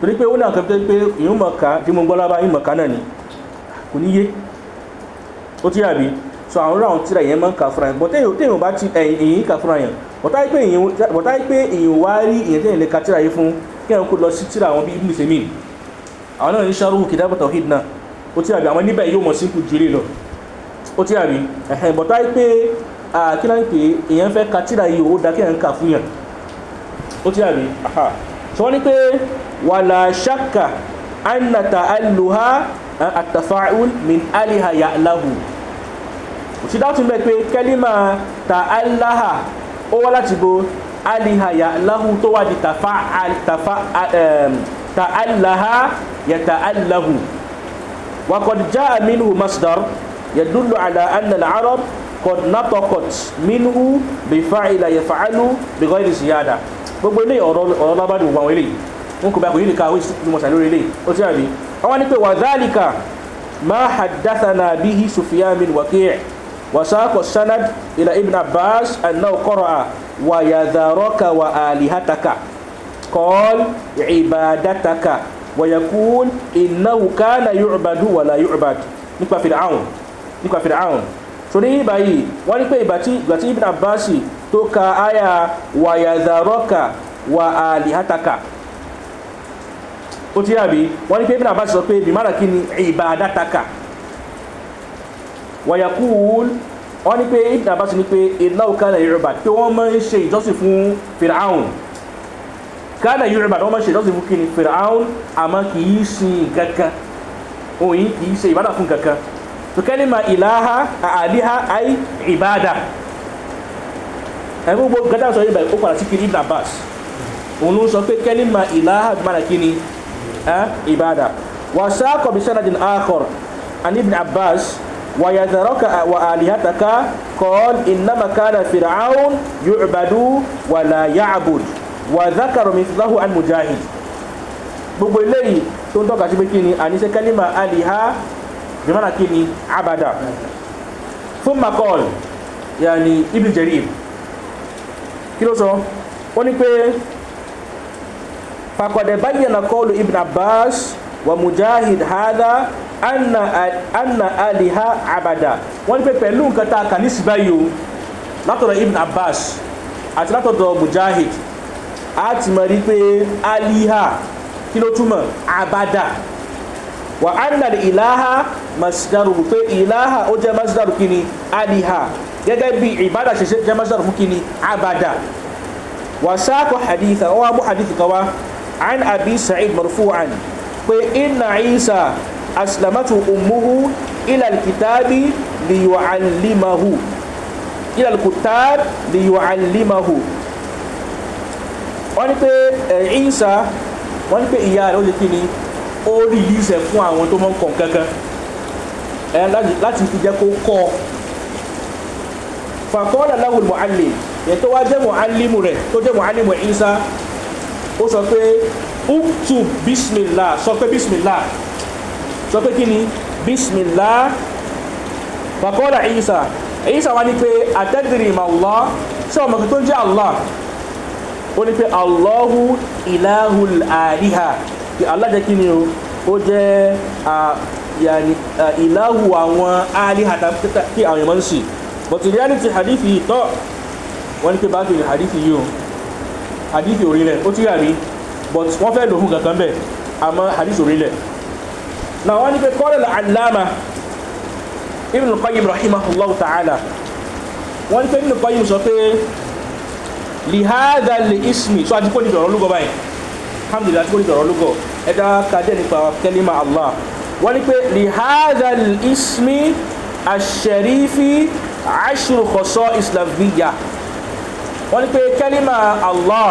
torí pé ó náà kẹ́ pé ìhùn tí mo gbọ́ lábá ìmọ̀ká náà ni kò níye ó tíra bíi so àwọn ráwọn tíra yẹn máa ń kà fúnra yẹn bọ́tẹ́ yìí téèyàn bá ti èyí kà fúnra yẹn bọ́tá yìí pé èyàn wá rí èyàn téèyàn lè ka tíra yìí fún kí èyàn kó lọ sí tíra àwọn bíi Ibn Simin àwọn náà ní sharhu kitab tawhid náà ó tíra bí àwọn níbẹ̀ yóò mọ̀ sínkù jù lè lọ ó tíra bí ẹ̀hẹ̀n yìí pé kí ṣùgbọ́n tún bẹ́ pé kẹ́límà ta aláhà ó wá láti bo alihaya lahu tó wá di tafa ta aláha yẹ ta aláhu wakọ̀dì já aminu masdar yẹ dúlù àlà annal arab kọ̀d natọkọ̀t minu bifa ilà yẹ fa'alu bìgọ́ ìrìn síyáda gbogbo ilé ọ̀rọ̀ lábàdì ògbà wọn eléyìí wọn kò bá kò yìí nìkan àwọn ìṣẹ́jú mọ̀sán lórí eléyìí ó ti rà mí wọn wá pé wàzálìkà máa hadathana bihi sufiya min wakiyah وساق السند إلى ابن عباس أنه قرأ ويذرك وآلهتك قال عبادتك ويكون إنه كان يعبد ولا يعبد nípa Fir'aun nípa Fir'aun torí báyìí wọ́n ní pé ìgbà tí ìgbà tí Ibn Abbas tó ka àyà wàyàdàrọ́kà wà àlìhátàkà ó ti yàbí wọ́n ní pé Ibn Abbas sọ pé bìmárà kí ni ìbàdátàkà wàyàkúwùl wọ́n ní pé ibn abbas ní pé ìlàwù kánà yorùbá pé wọ́n máa ń ṣe ìjọsìn fún firaun kánà yorùbá wọ́n máa ń ṣe ìjọsìn fún kíni firaun àmọ́ kì í sin kankan òyìn kì í ṣe ìbádà fún kankan tó kẹ́lí ma ìlàhà àdíhà àì ìbádà ẹ̀fún gbogbo gádà sọ yíba ó padà sí kiri ibn abbas òun ló sọ pé kẹ́lí ma ìlàhà gbára kíni ìbádà wàsáàkọ̀ bí sanadin akhar an ibn abbas ويذرك وآلهتك قال إنما كان فرعون يعبد ولا يعبد وذكر مثله عن مجاهد gbogbo eléyìí tó ń tọ́ka sí pé kí ni àníṣe kẹ́límà aliha bimana kí ni abada fún makol yaani ibn jarir kí ló sọ ó ní pé fakọ̀dẹ̀ bayyana kọlu ibn abbas wa mujahid hadha anna anna aliha abada wọ́n ní pé pẹ̀lú nǹkan tá a kà ní síbáyìí o látọ̀dọ̀ ibn abbas àti látọ̀dọ̀ mujahid a ti mọ̀ rí pé aliha kí ló túmọ̀ abada wa anna ilaha masdaru pé ilaha ó jẹ́ masdaru kí ni aliha gẹ́gẹ́ bí ìbádà ṣe jẹ́ masdaru fún kí ni abada wa sáàkó haditha ó wá hadith kan wá an abi sa'id marfu'an pé inna isa aslamatu ummuhu ilal kitabi liyuallimahu ilal kutab liyuallimahu wọ́n ní pé Ìsá wọ́n ní pé ìyá rẹ̀ ó lè kí ni ó rí ìlísẹ̀ fún àwọn tó mọ́ ń kàn kankan láti fi jẹ́ kó kọ́ fàkọ́ọ́lá láwùl mu'allim yẹn tó wá jẹ́ mu'allimu rẹ̀ tó jẹ́ mu'allimu Ìsá ó sọ pé uktub bismillah sọ pé bismillah sọ pé kí ni bismillah faqala Isa Isa wá ní pé atadri ma Allah ṣé ọmọ tó jẹ́ Allah ó ní pé Allahu ilahul aliha kí Allah jẹ́ kí ni o ó jẹ́ ìláhù àwọn aliha tí àwọn èèyàn ń sì but in reality hadithi tọ́ wọ́n ní pé bá kiri Hadith yìí o hadithi orílẹ̀ ó ti rà rí but wọ́n fẹ́ lòhùn kankan bẹ́ẹ̀ àmọ́ hadithi orílẹ̀ na wọ́n ní pé kọ́lẹ̀ alama ibn qayyim rahimahullah ta'ala wọ́n ní pé ibn qayyim sọ pé lihada li ismi so àti kó ní dọ̀rọ̀ lúgọ báyìí alhamdulillah àti kó ní dọ̀rọ̀ lúgọ ẹ̀dá kàdé nípa kẹlímà allah wọ́n ní pé lihada li ismi asharifi ashru kọsọ islamiyya wọ́n ní pé kẹlímà allah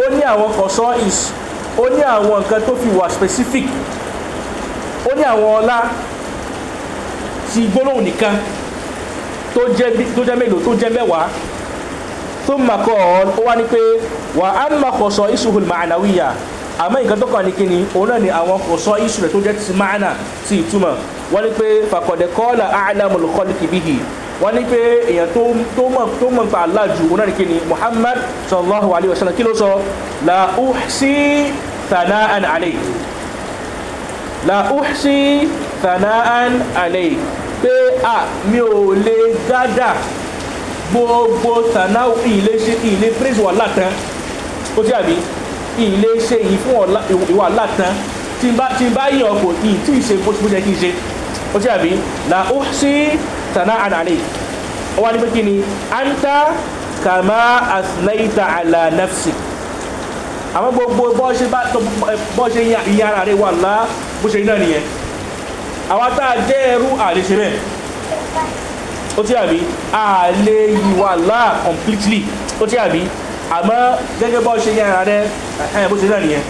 ó ní àwọn kọsọ is ó ní àwọn nǹkan tó fi wà specific ó ní àwọn ọlá ti gbólóhùn nìkan tó jẹ́ mélòó tó jẹ́ mẹ́wàá tó makọ̀ ó wá ní pé wà á makọ̀ sọ isuhul ma'anawiya àmọ́ nǹkan tó kàn ní kíni òun náà ni àwọn kò sọ isu rẹ̀ tó jẹ́ ti ma'ana ti ìtumọ̀ wọ́n ní pé fàkọ̀dẹ̀ kọ́ọ̀lá a'lamul khalqi bihi wọ́n ní pé èèyàn tó mọ̀ tó mọ̀ pa Allah òun náà ni kíni Muhammad sallallahu alayhi wa sallam kí ló sọ la uhsi thana'an alayhi la uhsi thanaan alay pé à mi ò lè gádà gbogbo thanaa ìlé ṣe ìlé praise wà látàn ó ti àbí ìlé ṣe yìí fún ìwà látàn tí n bá yàn kò ì tí ì ṣe bó ṣe kí n ṣe ó ti àbí la uhsi thanaan alay ó wá ní pé kí ni anta kàmá asnaita ala nafsi àwọn gbogbo bọ́ ṣe yára rẹ̀ wà láà bó ṣe náà nìyẹn àwa tá a jẹ́ ẹrú àlè ṣe bẹ́ẹ̀ ó ti àbí àlè ìwà láà completely ó ti àbí àmọ́ gẹ́gẹ́ bọ́ ṣe yára rẹ ẹ̀ bó ṣe náà nìyẹn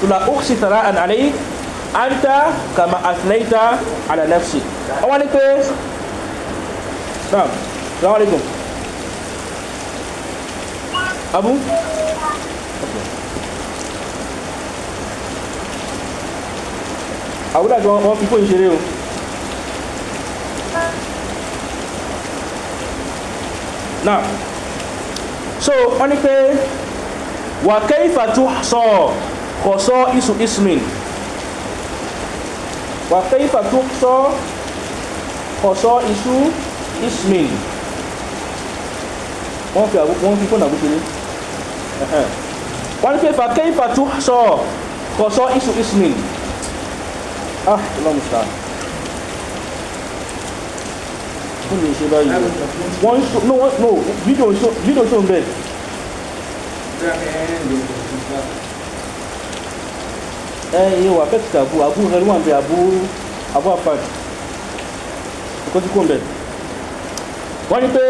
tùlà ó sì tàrà àlè anta kama athlaita ala nafsi ọwọ́ ni pé naam salaam alaikum abu àwùdá tí wọ́n fi kó ìṣeré o Now, so wọ́n ní pé wà kẹ́yìfà tó sọ kọ̀ sọ isu ismin wà kẹ́yìfà tó sọ kọ̀ sọ isu ismin wọ́n fi àgùkù wọ́n fi fóònù àgùkù ní wọ́n ní pé fà kẹ́yìfà tó sọ kọ̀ sọ isu ismin ah ọlọ́run ṣá kí ni ṣe báyìí wọ́n ṣó no wọ́n no fídíò ṣó fídíò ṣó ń bẹ̀. ẹ ẹ wà fẹ́ tìta abu abu hẹ́rù wà ń bẹ abu abu afad kó tí kò ń bẹ. wọ́n ní pé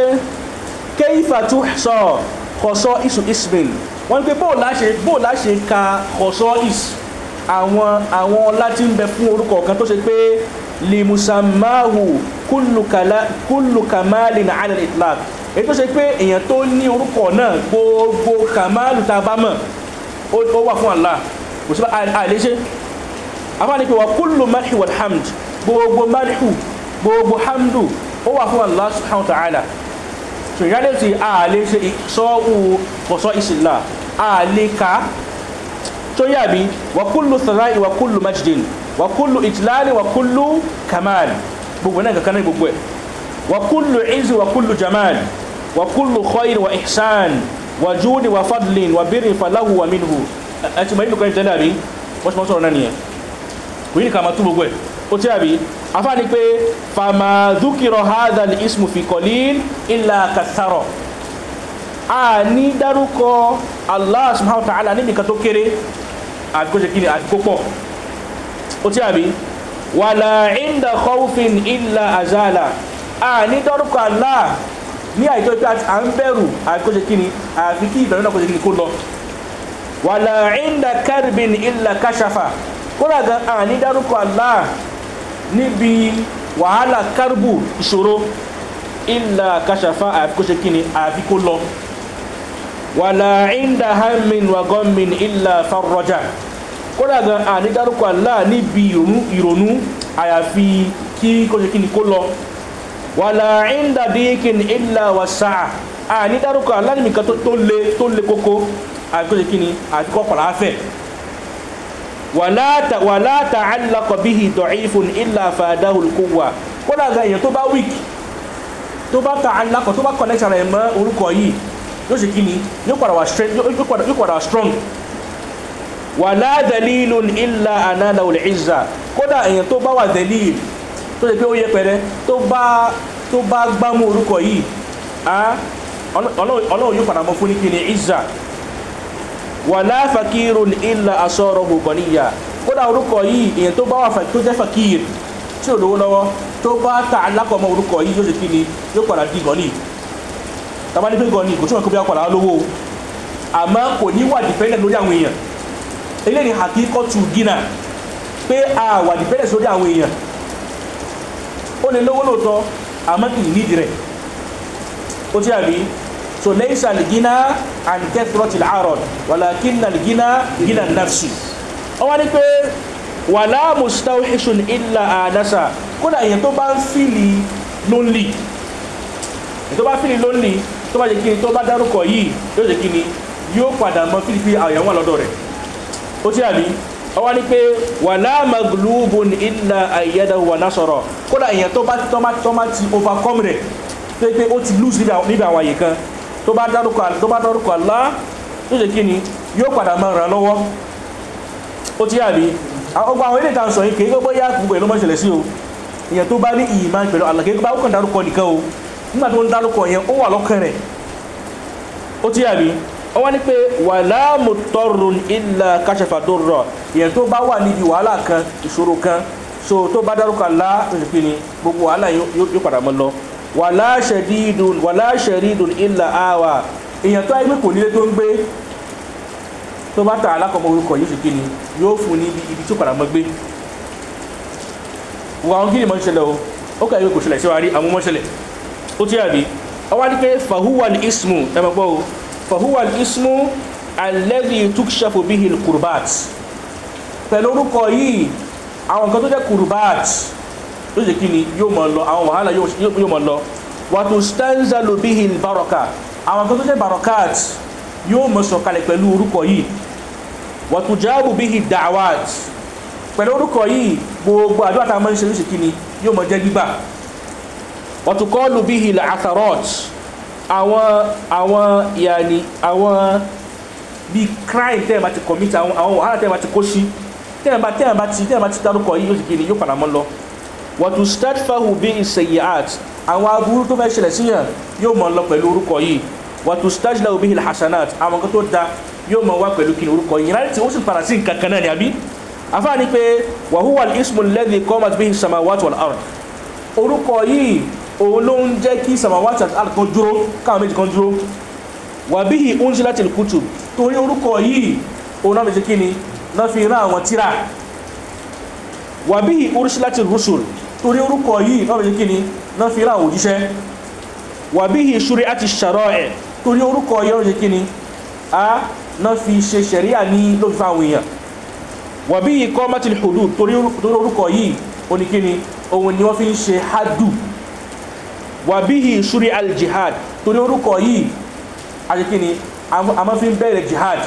kẹ́yìfà tún sọ kọ̀sọ́ isu ismail wọ́n ní pé bóòlá ṣe bóòlá àwọn àwọn ọlá tí ń bẹ fún orúkọ kan tó ṣe pé limusamahu kullu kamali na alal itlaq èyí tó ṣe pé èèyàn tó ní orúkọ náà gbogbo kamalu ta bá mọ̀ ó wà fún Allah kò sí bá àìléṣe afá ni pé wà kullu malhi wal hamd gbogbo malhu gbogbo hamdu ó wà fún Allah subhanahu wa ta'ala so ìyá lè ti àìléṣe sọ́ọ̀wù kọ̀sọ́ ìsìlá àìléka tó yàbí wàkúlù sàráì wàkúlù masjid wàkúlù ìtìláàlì wàkúlù kamal gbogbo náà kankan náà gbogbo ẹ̀ wàkúlù ìzù wàkúlù jamal wàkúlù khoyin wa ihsan wàjúdi wa fadlin wa birin falahu wa minhu ẹtì mọ̀ ìlú ìtẹ́lẹ̀ àbí wọ́n ti mọ́ sọ̀rọ̀ náà nìyẹn kò yí ni ká gbogbo ẹ̀ ó tí àbí afáàní pé fàmà dúkìrọ̀ ismu fi qalil illa kathara a ní dárúkọ Allah subhanahu wa ta'ala níbi kan tó kéré àfikó ṣe kíni àfikó pọ̀ ó tí àbí wala inda khawfin illa azala a ní dárúkọ Allah ní àìjọ pé à ń bẹ̀rù àfikó ṣe kíni àfi kí ìbẹ̀rù náà kó ṣe kíni kó lọ wala inda karbin illa kashafa kóra gan a ní dárúkọ Allah níbi wàhálà kárùbù ìṣòro illa kashafa àfikó ṣe kíni àfikó lọ wàlà ìndà hamin wà gọ́min ìlà farroja kódà gan àní dárúkọ Allah níbi ìrònú àyàfi kí kó ṣe kíni kó lọ wàlà ìndà díkìn ìlà wà sáà àní dárúkọ Allah níbi kan tó le tó le kókó àti kó ṣe kíni àti kó pàrà fẹ wàlà ta'allaqa bihi da'ifun ìlà fadahul quwwa kódà gan èèyàn tó bá wíìkì tó bá ta'allaqa tó bá kọ̀lẹ́kṣà yóò ṣe kí ni yóò padà wá strong wàlá dalilu illa anala olùizza kódà èèyàn tó bá wà dalil tó ṣe pé ó yẹ pẹrẹ tó bá tó bá gbámú orúkọ yìí ọlọ́run yóò padà mọ́ fún ní kí ni izza wàlá fakirun illa asọ́rọ̀ gbogbo kódà orúkọ yìí èèyàn tó bá wà tó jẹ́ fakir tí ò lówó lọ́wọ́ tó bá ta alákọ̀ọ́mọ orúkọ yìí yóò ṣe kí ni yóò padà dìgọ́ nìyí tàbá ní pé gan ni kò túnmọ̀ kó bí akọ̀lá lówó o àmọ́ kò ní wà dìpẹ́ndẹ̀ lórí àwọn èèyàn eléyìí hakíkọ́ tù gínà pé a wà dìpẹ́ndẹ̀ lórí àwọn èèyàn ó lè lówó lóòótọ́ àmọ́ kì í nídìí rẹ̀ ó ti àbí so laysa al-ghina an kathrati al-'arad walakinna al-ghina ghina an-nafsi ó wá ní pé wala mustawhishun illa anasa kódà èèyàn tó bá ń fìlì lonely èèyàn tó bá fìlì lonely tó bá jẹ́ kí ni tó bá dárúkọ yìí yóò jẹ́ kí ni yóò padà mọ fífi àyàwó àlọ́dọ̀ rẹ̀ ó ti àbí ọwọ́ ni pé wàlá maglubun illa ayyadahu wa nasara kódà èèyàn tó bá tọ́ tó ti overcome rẹ̀ tó pé ó ti lose níbi àwọn àyè kan tó bá dárúkọ tó bá dárúkọ Allah yóò jẹ́ kí ni yóò padà mọ ràn lọ́wọ́ ó ti àbí ọgbà àwọn ilé ìta sọ yìí kì í gbogbo yá gbogbo ẹ̀ ló mọ̀ ṣẹlẹ̀ sí o èèyàn tó bá ní ìmọ̀ pẹ̀lú àlàkè gbogbo àwọn kan dárúkọ nìkan o nígbà tó ń dárúkọ yẹn ó wà lọ́kàn rẹ̀ ó ti yàrí ó wá ní pé wà láàmú tọrùn ilà káṣẹfàdó rọ yẹn tó bá wà níbi wàhálà kan ìṣòro kan so tó bá dárúkọ lá ìpín ni gbogbo wàhálà yóò padà mọ́ lọ wà láṣẹ̀dídùn wà láṣẹ̀dídùn ilà àwà èèyàn tó ayé pé kò nílé tó ń gbé tó bá ta alákọ̀ọ́mọ orúkọ yóò ṣe kí ni yóò fún ní ibi tó padà mọ́ gbé wà àwọn kí ni mọ́ ṣẹlẹ̀ o ó kà yóò kò ṣẹlẹ̀ síwárí àwọn ṣẹlẹ̀ ó tí àbí ọwá ní pé fahuwal ismu ẹmọ̀gbọ́ o fahuwal ismu alẹ́dì tukshafu bihil kurbat pẹ̀lú orúkọ yìí àwọn nǹkan tó jẹ́ kurbat ló jẹ́ kí ni yóò mọ̀ lọ àwọn wàhálà yóò mọ̀ lọ wàtò stanzalu bihil baraka àwọn nǹkan tó jẹ́ barakat yóò mọ̀ sọ̀kalẹ̀ pẹ̀lú orúkọ yìí wàtò jáàbù bihil da'wat pẹ̀lú orúkọ yìí gbogbo àdúrà tá a máa ń ṣe lóṣèkí ni yóò mọ̀ jẹ́ gbígbà wàtúkọ́lù bí ilẹ̀ atharot àwọn àwọn yàní àwọn bí crime tẹ́ẹ̀ bá ti commit àwọn àwọn wàhálà tẹ́ẹ̀ bá ti kó sí tẹ́ẹ̀ bá tẹ́ẹ̀ bá ti tẹ́ẹ̀ bá ti dárúkọ yìí yóò ti kiri yóò padà mọ́ lọ wàtú stadfahu bí ìsẹ̀yì art àwọn aburú tó fẹ́ ṣẹlẹ̀ síyàn yóò mọ̀ lọ pẹ̀lú orúkọ yìí wàtú stajlaw bí ilẹ̀ hasanat àwọn kan tó da yóò mọ̀ wá pẹ̀lú kí orúkọ yìí rántí ó sì padà sí nǹkan kan náà ni òun ló ń jẹ́ kí samawati àti kan dúró káwọn méjì kan dúró wà bí i oúnjẹ láti kùtù torí orúkọ yìí òun náà méjì kí ni náà fi rán àwọn tíra wà bí i oúnjẹ láti rusul torí orúkọ yìí náà méjì kí ni náà fi rán àwọn òjíṣẹ́ wà bí i ṣúrí àti ṣàrọ ẹ̀ torí orúkọ yìí náà méjì kí ni a náà fi ṣe ṣẹ̀ríà ní ló fi fáwọn èèyàn wà bí i kọ́ mátìlì hudud torí orúkọ yìí oníkíni òun ni wọ́n fi ń ṣe hadu wàbíhì ṣúrí aljihad torí orúkọ yìí àtikíni a máa fi bẹ̀rẹ̀ jihad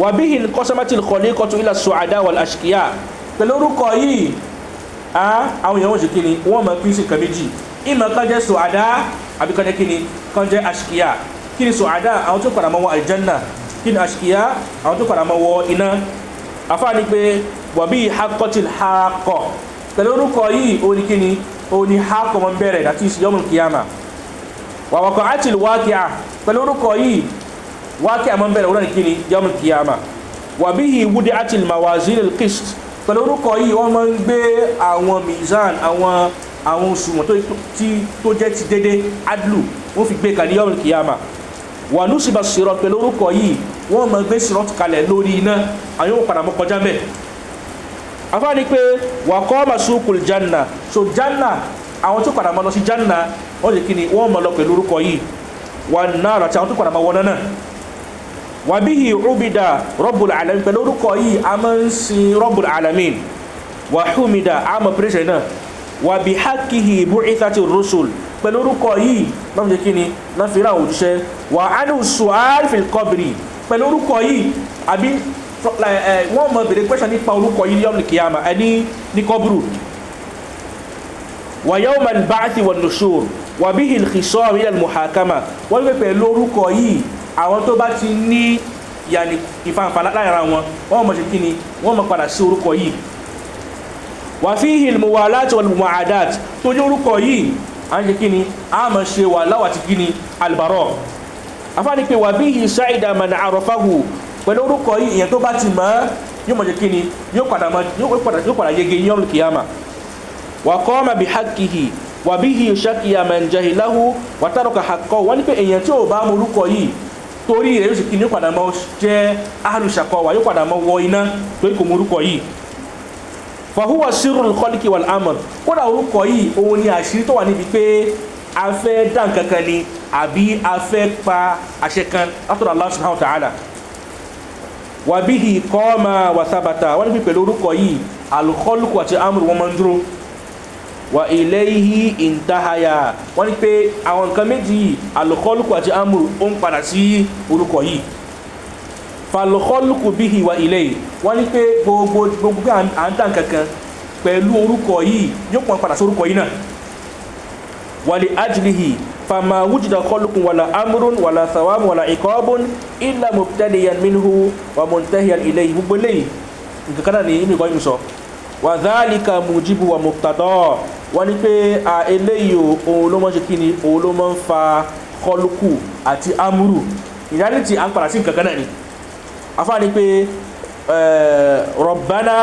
wàbíhì kọ́sẹ́mẹ́tì kọ̀lé kọ́tù ilà sọ̀ádá wà láṣìkíyà pẹ̀lú orúkọ yìí àwọn èèyàn wọ́n ṣe kíni wọ́n máa pín sí nǹkan méjì ìmọ̀ kan jẹ́ sọ̀ádá àbí kan jẹ́ kíni kan jẹ́ àṣìkíyà kíni sọ̀ádá àwọn tó padà mọ́ wọ aljanna kíni àṣìkíyà àwọn tó padà mọ́ wọ iná afáàní pé wàbíhì hakọ́tì hakọ́ pẹ̀lú orúkọ yìí orí kíni ó ní ha kọ́ mọ́ bẹ̀rẹ̀ that is yọmọ kiyama wà wọ́kọ̀ àti wákìá pẹ̀lú orúkọ yìí wákìá mọ́ bẹ̀rẹ̀ wúrọ̀ nìkíni yọmọ kiyama wà bí yìí wúdi àti mawazil kist pẹ̀lú orúkọ yìí wọ́n máa ń gbé àwọn mizan àwọn àwọn òṣùwọ̀n tó jẹ́ ti dédé adlu wọ́n fi gbé e kalẹ̀ yọmọ kiyama wà nùsíbà sírọ̀ pẹ̀lú orúkọ yìí wọ́n máa gbé sírọ̀ kalẹ̀ lórí iná àwọn yóò padà mọ́ kọjá afá ni pé wàkọ́ masukul janna so janna àwọn tó padà máa lọ sí janna wọ́n lè kíni wọ́n máa lọ pẹ̀lú orúkọ yìí wà náírà tí àwọn tó padà máa wọ́n náà wà bí i rúbìdà rọ́bùl alamin pẹ̀lú orúkọ yìí a máa ń sin rọ́bùl alamin wà húmìdà a máa pèrèsè náà wà bí hákìhì bu'ithati rusul pẹ̀lú orúkọ yìí lọ́mọ jẹ́ kíni lọ́fìrà òjíṣẹ́ wà ánú su'al fil qabri pẹ̀lú orúkọ yìí àbí Eh, eh, wọ́n mọ bèrè pẹ́sẹ̀ nípa orúkọ yìí yọ́mù kìyàmà ẹni ní kọ́bùrù wàyọ́ malbaati wà nùsùr wàbí ìlkìsọ́ ìlẹ̀ muhakama wọ́n wípé pẹ̀lú orúkọ yìí àwọn tó bá ti ní yàní ìfanfà láyàrá wọn wọ́n mọ̀ sí kí ni wọ́n mọ̀ padà sí orúkọ yìí wà fi ìlmù wà láti wà lùmọ̀ àdáàt tó jẹ́ orúkọ yìí a ń ṣe kí a mọ̀ ṣe wà láwà ti kí ni pé wà bí ìsáìdà mọ̀nà àrọ̀fáhù pẹ̀lú orúkọ yìí ìyẹn tó bá ti mọ̀ ẹ́ yóò mọ̀ jẹ́ kí ni yóò padà mọ̀ yóò padà yege ní ọ̀rùn kìyàmà wà kọ́ ọ́ mà bí hakihi wà bí hi ṣàkìyà mà ń jẹ ìláhu wà tàrọ̀kà hakọ́ wọ́n ní pé èèyàn tí ò bá mọ orúkọ yìí torí rẹ̀ yóò sì kí ni yóò padà mọ̀ jẹ́ ahàlùṣàkọ́ wà yóò padà mọ̀ wọ iná torí kò mọ orúkọ yìí fàhùwà sírù kọ́líkì wà lámọ̀ kódà orúkọ yìí òun ni àṣírí tó wà níbi pé a fẹ́ dá nǹkan kan ni àbí a fẹ́ pa àṣẹ kan látọ̀dọ̀ Allah subhanahu wa ta'ala Wabihi kọ́ọ̀mà wasabata, wọ́n ní pípẹ̀lú orúkọ yìí alukọ́lùkù àti amúrù wọn máa ń dúró wà ilayhi ìntahaya wọ́n ní pé àwọn nǹkan méjì yìí alukọ́lùkù àti amúrù ó ń padà sí orúkọ yìí falukọ́lùkù bíhì wà ilayhi wọ́n ní pé gbogbo gbogbo à ń tàn kankan pẹ̀lú orúkọ yìí yóò pọ̀ padà sí orúkọ yìí náà wàlẹ̀ ajlihi fama wujida kọlùkùn wàlà amúrún wàlà sàwámù wàlà ìkọ́bùn ilà mubtadiyan minhu wà muntahiyan ilayhi gbogbo eléyìí nǹkan kan náà ní ibi ìkọ́yìn sọ wà dhalika mujibu wà muqtada wọ́n ní pé à eléyìí òun ló máa ń ṣe kí ni òun ló máa ń fa kọlùkù àti amúrù ìdánilítì à ń padà sí nǹkan kan náà ni afáàní pé rabbana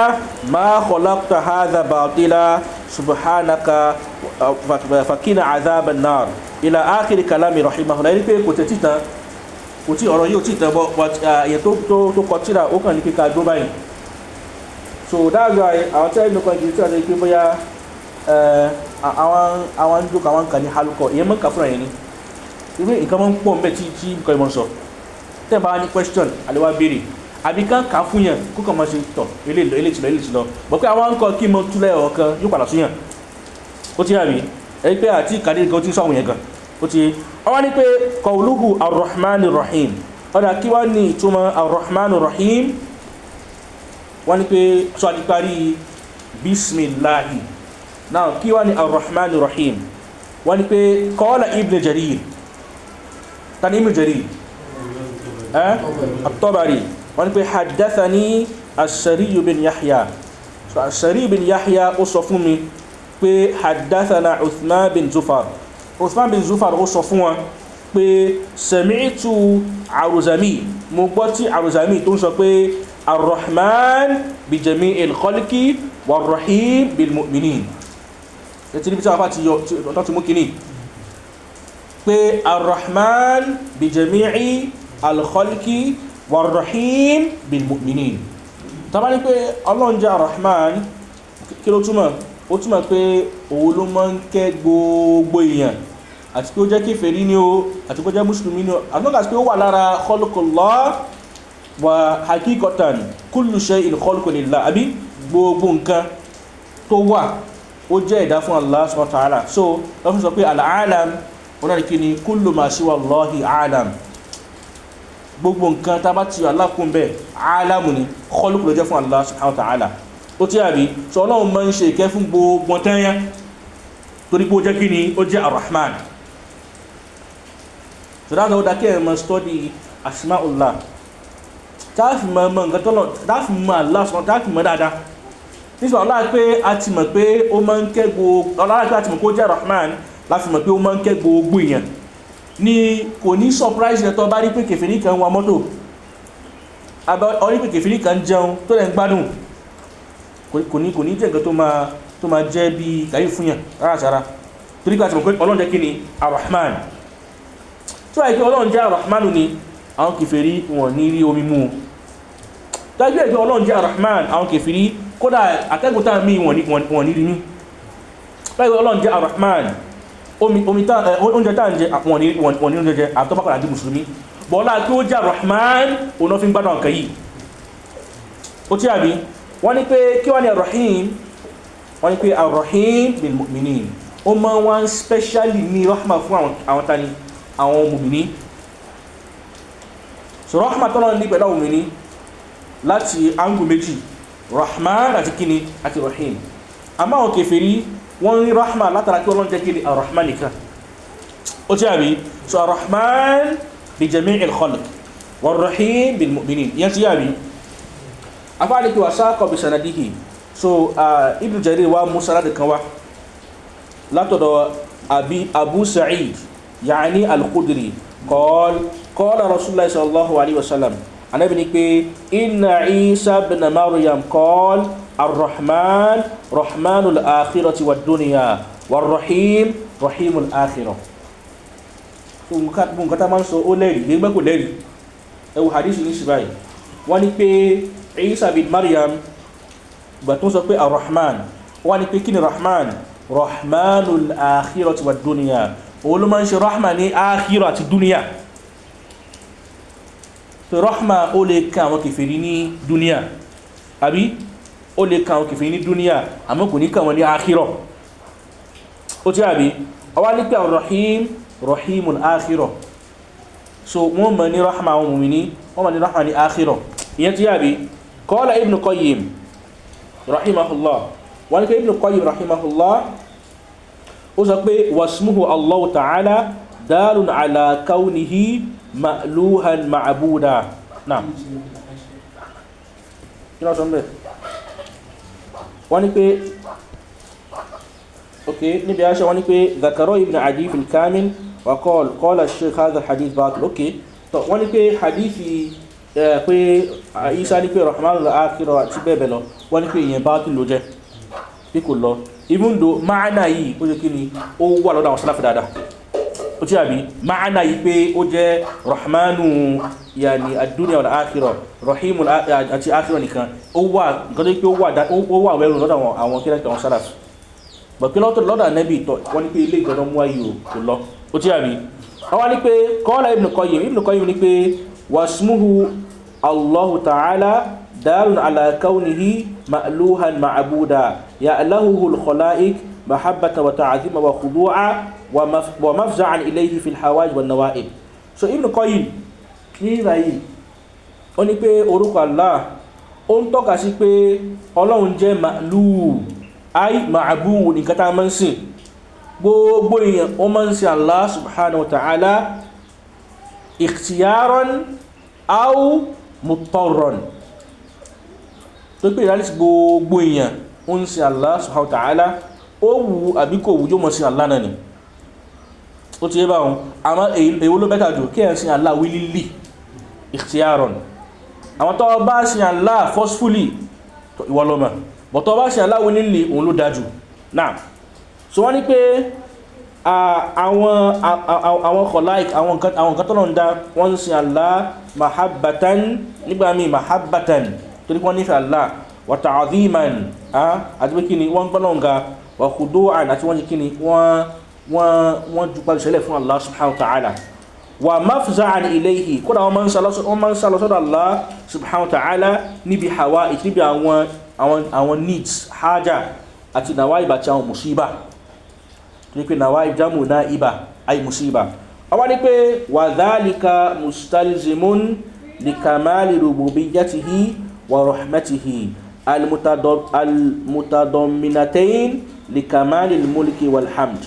ma khalaqta hadha batila subhanaka uh, fakina azaba nar ila akhiri kalami rahimahullah ẹni pé kò tẹ̀ títà kò tí ọ̀rọ̀ yóò títà bọ́ ẹ̀yẹ tó kọ tíra ó kàn ní kíkà dó báyìí so that's why àwọn tẹ́lẹ̀ nìkan jù tí a lè pé bóyá uh, àwọn ń dúkọ̀ àwọn kan ní halukọ ìyẹn mọ́ kà fúnra yẹn ni ìwé nǹkan mọ́ ń pọ̀ ń bẹ̀ tí nǹkan ìmọ̀ sọ tẹ́ẹ̀ bá ní question àlewà béèrè àbí kán kà á fún yàn kó kàn máa ṣe tọ̀ ilé ìlọ ilé ìtìlọ ilé ìtìlọ bọ̀ pé àwọn nǹkan kí mo túlẹ̀ ọ̀kan yóò padà súyàn ó ti rábì ẹ pé àti ìkàdé kan ti ń sọ àwọn yẹn gan ó ti ọwọ́ ni pé kọ̀ọ̀lùhù arrahmanir rahim ọ̀dà kí wọ́n ní ìtumọ̀ arrahmanir rahim wọ́n ní pé sọ àti parí bismillahi náà kí wọ́n ní arrahmanir rahim wọ́n ní pé kọ́ọ̀lá ibn jarir tani ibn jarir ẹ́ at wọ́n ní pé haddathani asariyu bin yahya so asariyu bin yahya ó sọ fún mi pé haddathana uthman bin zufar uthman bin zufar ó sọ fún wa pé sami'tu aruzami mo gbọ́ tí aruzami tó ń sọ pé arrahman bi jami'il khalqi warrahim bil mu'minin ẹtí níbi tí wọ́n fà ti yọ ọ̀tọ́ ti mú kìíní pé arrahman bi jami'i al khalqi والرحيم bil mu'minin tàbá ní جاء الرحمن arrahman kí ló túmọ̀ ó túmọ̀ pé òun ló máa ń kẹ́ gbogbo èèyàn àti pé ó jẹ́ kèfèrí ni o àti pé ó jẹ́ mùsùlùmí ni o as long as pé ó wà lára khalqullah wa hakikatan kullu shay'in àbí gbogbo nǹkan tó wà ó jẹ́ ìdá fún Allah subhanahu wa ta'ala so lọ́fún sọ pé al-alam ni kullu ma siwa Allahi alam gbogbo nǹkan tá a bá ti yọ alákùn bẹ́ẹ̀ alamu ni kọlùkù ló jẹ́ fún Allah subhanahu wa ta'ala ó ti àbí sọ ọlọ́run máa ń ṣe ìkẹ́ fún gbogbo tẹ́yẹ torí pé ó jẹ́ kí ó jẹ́ arahman sọdáàtà ó dákẹ́ ẹ̀ stọ́dí asmaullah táàfì mọ ọmọ nǹkan tọ́lọ̀ táàfì mọ Allah subhanahu táàfì mọ dáadáa nígbà ọlá pé a ti mọ̀ pé ó máa ń kẹ́ gbogbo ọlá pé a ti mọ̀ pé ó jẹ́ arahman láti mọ̀ pé ó máa ń kẹ́ gbogbo èèyàn ni kò ní surprise rẹ̀ tó bá rí pé kèfèrí kan wa mọ́tò orí pé kèfèrí kan jẹun tó lẹ́ ń gbádùn kò ní kò ní jẹ́ nǹkan tó máa tó máa jẹ́ bí kàyí fún yàn ráṣára torí pàtàkì pé ọlọ́run jẹ́ kí ni arahman tí wáyé pé ọlọ́run jẹ́ arahman ni àwọn kèfèrí wọn ní rí omi mú dájú ẹ̀gbẹ́ ọlọ́run jẹ́ arahman àwọn kèfèrí kódà atẹ́gùn táà mí wọn ní rí mí báyìí ọlọ́run jẹ́ arahman Eh, oúnjẹ tá à ń jẹ ah, wọ̀n ní oúnjẹ jẹ àtọ́bàkọ̀lá di mùsùlùmí bọ́lá kí ó jà rahman òun fi ń gbádùn ọ̀kan yìí ó tí àbí wọ́n ní pé kí wọ́n ní rahim wọ́n ní pé rahim bil mu'minin ó mọ́ wọn specially ní rahma fún àwọn tani àwọn mùmìní so rahma tọ́lọ́ ní pẹ̀lú àwọn mùmìní láti angu méjì rahman àti kini àti rahim àmọ́ àwọn kèfèrí wọ́n rí rahma látara kí ọlọ́run jẹ́ kí ni arahman nìkan ó tí àbí so arahman bi jami' al-khalq warrahim bil mu'minin yẹn tí àbí afáàlì kí wà sáàkọ̀ bí sanadihi so ibn jarir wa musa láti kan wá látọ̀dọ̀ abu sa'id yaani al-khudri qal qala rasulullah sallallahu alaihi wasallam anabi ni pé inna isa ibn maryam qala arrahman rahmanul akhirati wa duniya warrahim rahimul akhirah nǹkan tá máa ń sọ ó lẹ́rìí gbẹ́gbẹ́ kò lẹ́rìí ẹ wo hadith ní ṣùgbọ́n yìí wọ́n ní pé Isa bin Maryam ìgbà tó ń sọ pé arrahman wọ́n ní pé kí ni rahman rahmanul akhirati wa duniya òun ń ṣe rahman ní akhirah àti duniya rahman ó lè kan àwọn kèfèrí ní duniya àbí ó lè kàn kìfì ní dúníà àmọ́ kò ní kàn wọ́n ní àkírọ̀ ó tí àbí ọwá ní pé àwọn rahim rahimul àkírọ̀ so wọ́n mọ̀ ní rahma àwọn mùmìní wọ́n mọ̀ ní rahma ní àkírọ̀ ìyẹn tí àbí qala ibn qayyim rahimahullah wọ́n ní pé ibn ma'luhan ma'abuda náà kí lọ́sọ̀ mẹ́rin wọ́n ní pé ok níbi aṣọ wọ́n ní pé zakaro ibn adi fil kamil wa qala qala sheikh hadha hadith batil ok tó wọ́n ní pé hadithi eh, pé isa ní pé rahman al-akhir àti bẹ́ẹ̀ bẹ́ẹ̀ lọ wọ́n ní pé ìyẹn batil ló jẹ́ bí kò lọ even though ma'ana yìí ó jẹ́ kí ni ó wà lọ́dọ̀ àwọn sálàfì dáadáa ó ti àbí ma'ana yìí pé ó jẹ́ rahmanu yani adunia wal akhirah rahimul àti akhirah nìkan ó wà nǹkan tó pé ó wà wẹ́rù lọ́dọ̀ àwọn àwọn kílẹ̀ àwọn sáraf but pé lọ́tọ̀ lọ́dọ̀ ànẹ́bì tọ́ wọ́n ní pé ilé ìgbọ́dọ̀ mú ayé kò lọ ó ti àbí wọ́n ní pé qala ibn qayyim ibn qayyim ní pé wasmuhu allahu ta'ala dalun ala kaunihi ma'luhan ma'buda ya'lahuhu al-khalaiq mahabbata wa ta'azima wa khudu'a wa mafza'an ilayhi fil hawaj wan nawa'ib so ibn qayyim ní báyìí ó ní pé orúkọ Allah ó ń tọ́ka sí pé ọlọ́run jẹ́ màlúù ai màbúù nìkan tá a ń sìn gbogbo èèyàn ó máa ń sìn Allah subhanahu ta'ala ikhtiyaran aw mutarran tó pé ìrálẹ́sì gbogbo èèyàn ó ń sìn Allah subhanahu ta'ala ó wù àbí kò wù yóò máa sìn náà ni ó ti yé báwọn àmọ́ èwo ló bẹ́tà jù kí ẹ̀ sìn Allah willingly ikhtiyaron àwọn tó bá ṣe Allah forcefully ìwọ ló mọ̀ but tó bá ṣe Allah willingly òun ló dájú náà so wọ́n ní pé àwọn àwọn kọ̀láìk àwọn nǹkan tọ́nà ń dá wọ́n ṣe Allah mahabbatan nígbà míì mahabbatan torí wọ́n nífẹ̀ẹ́ Allah wa ta'dhiman àti wọ́n gbọ́nà wa khudu'an àti wọ́n ṣe wọ́n wọ́n wọ́n fún Allah subhanahu wa ta'ala wà mafza'an ilayhi kódà wọ́n máa ń sálọ sọ́dọ̀ Allah subhanahu wa ta'ala níbi hawa ìtìbí àwọn needs hajjá àti nawaib àti àwọn musiba ní pé nawaib jamu na iba ay musiba àwa ní pé dhalika mustalzimun li kamali rububiyyatihi wa rahmatihi almutadamminatayn li kamali al-mulki wal hamd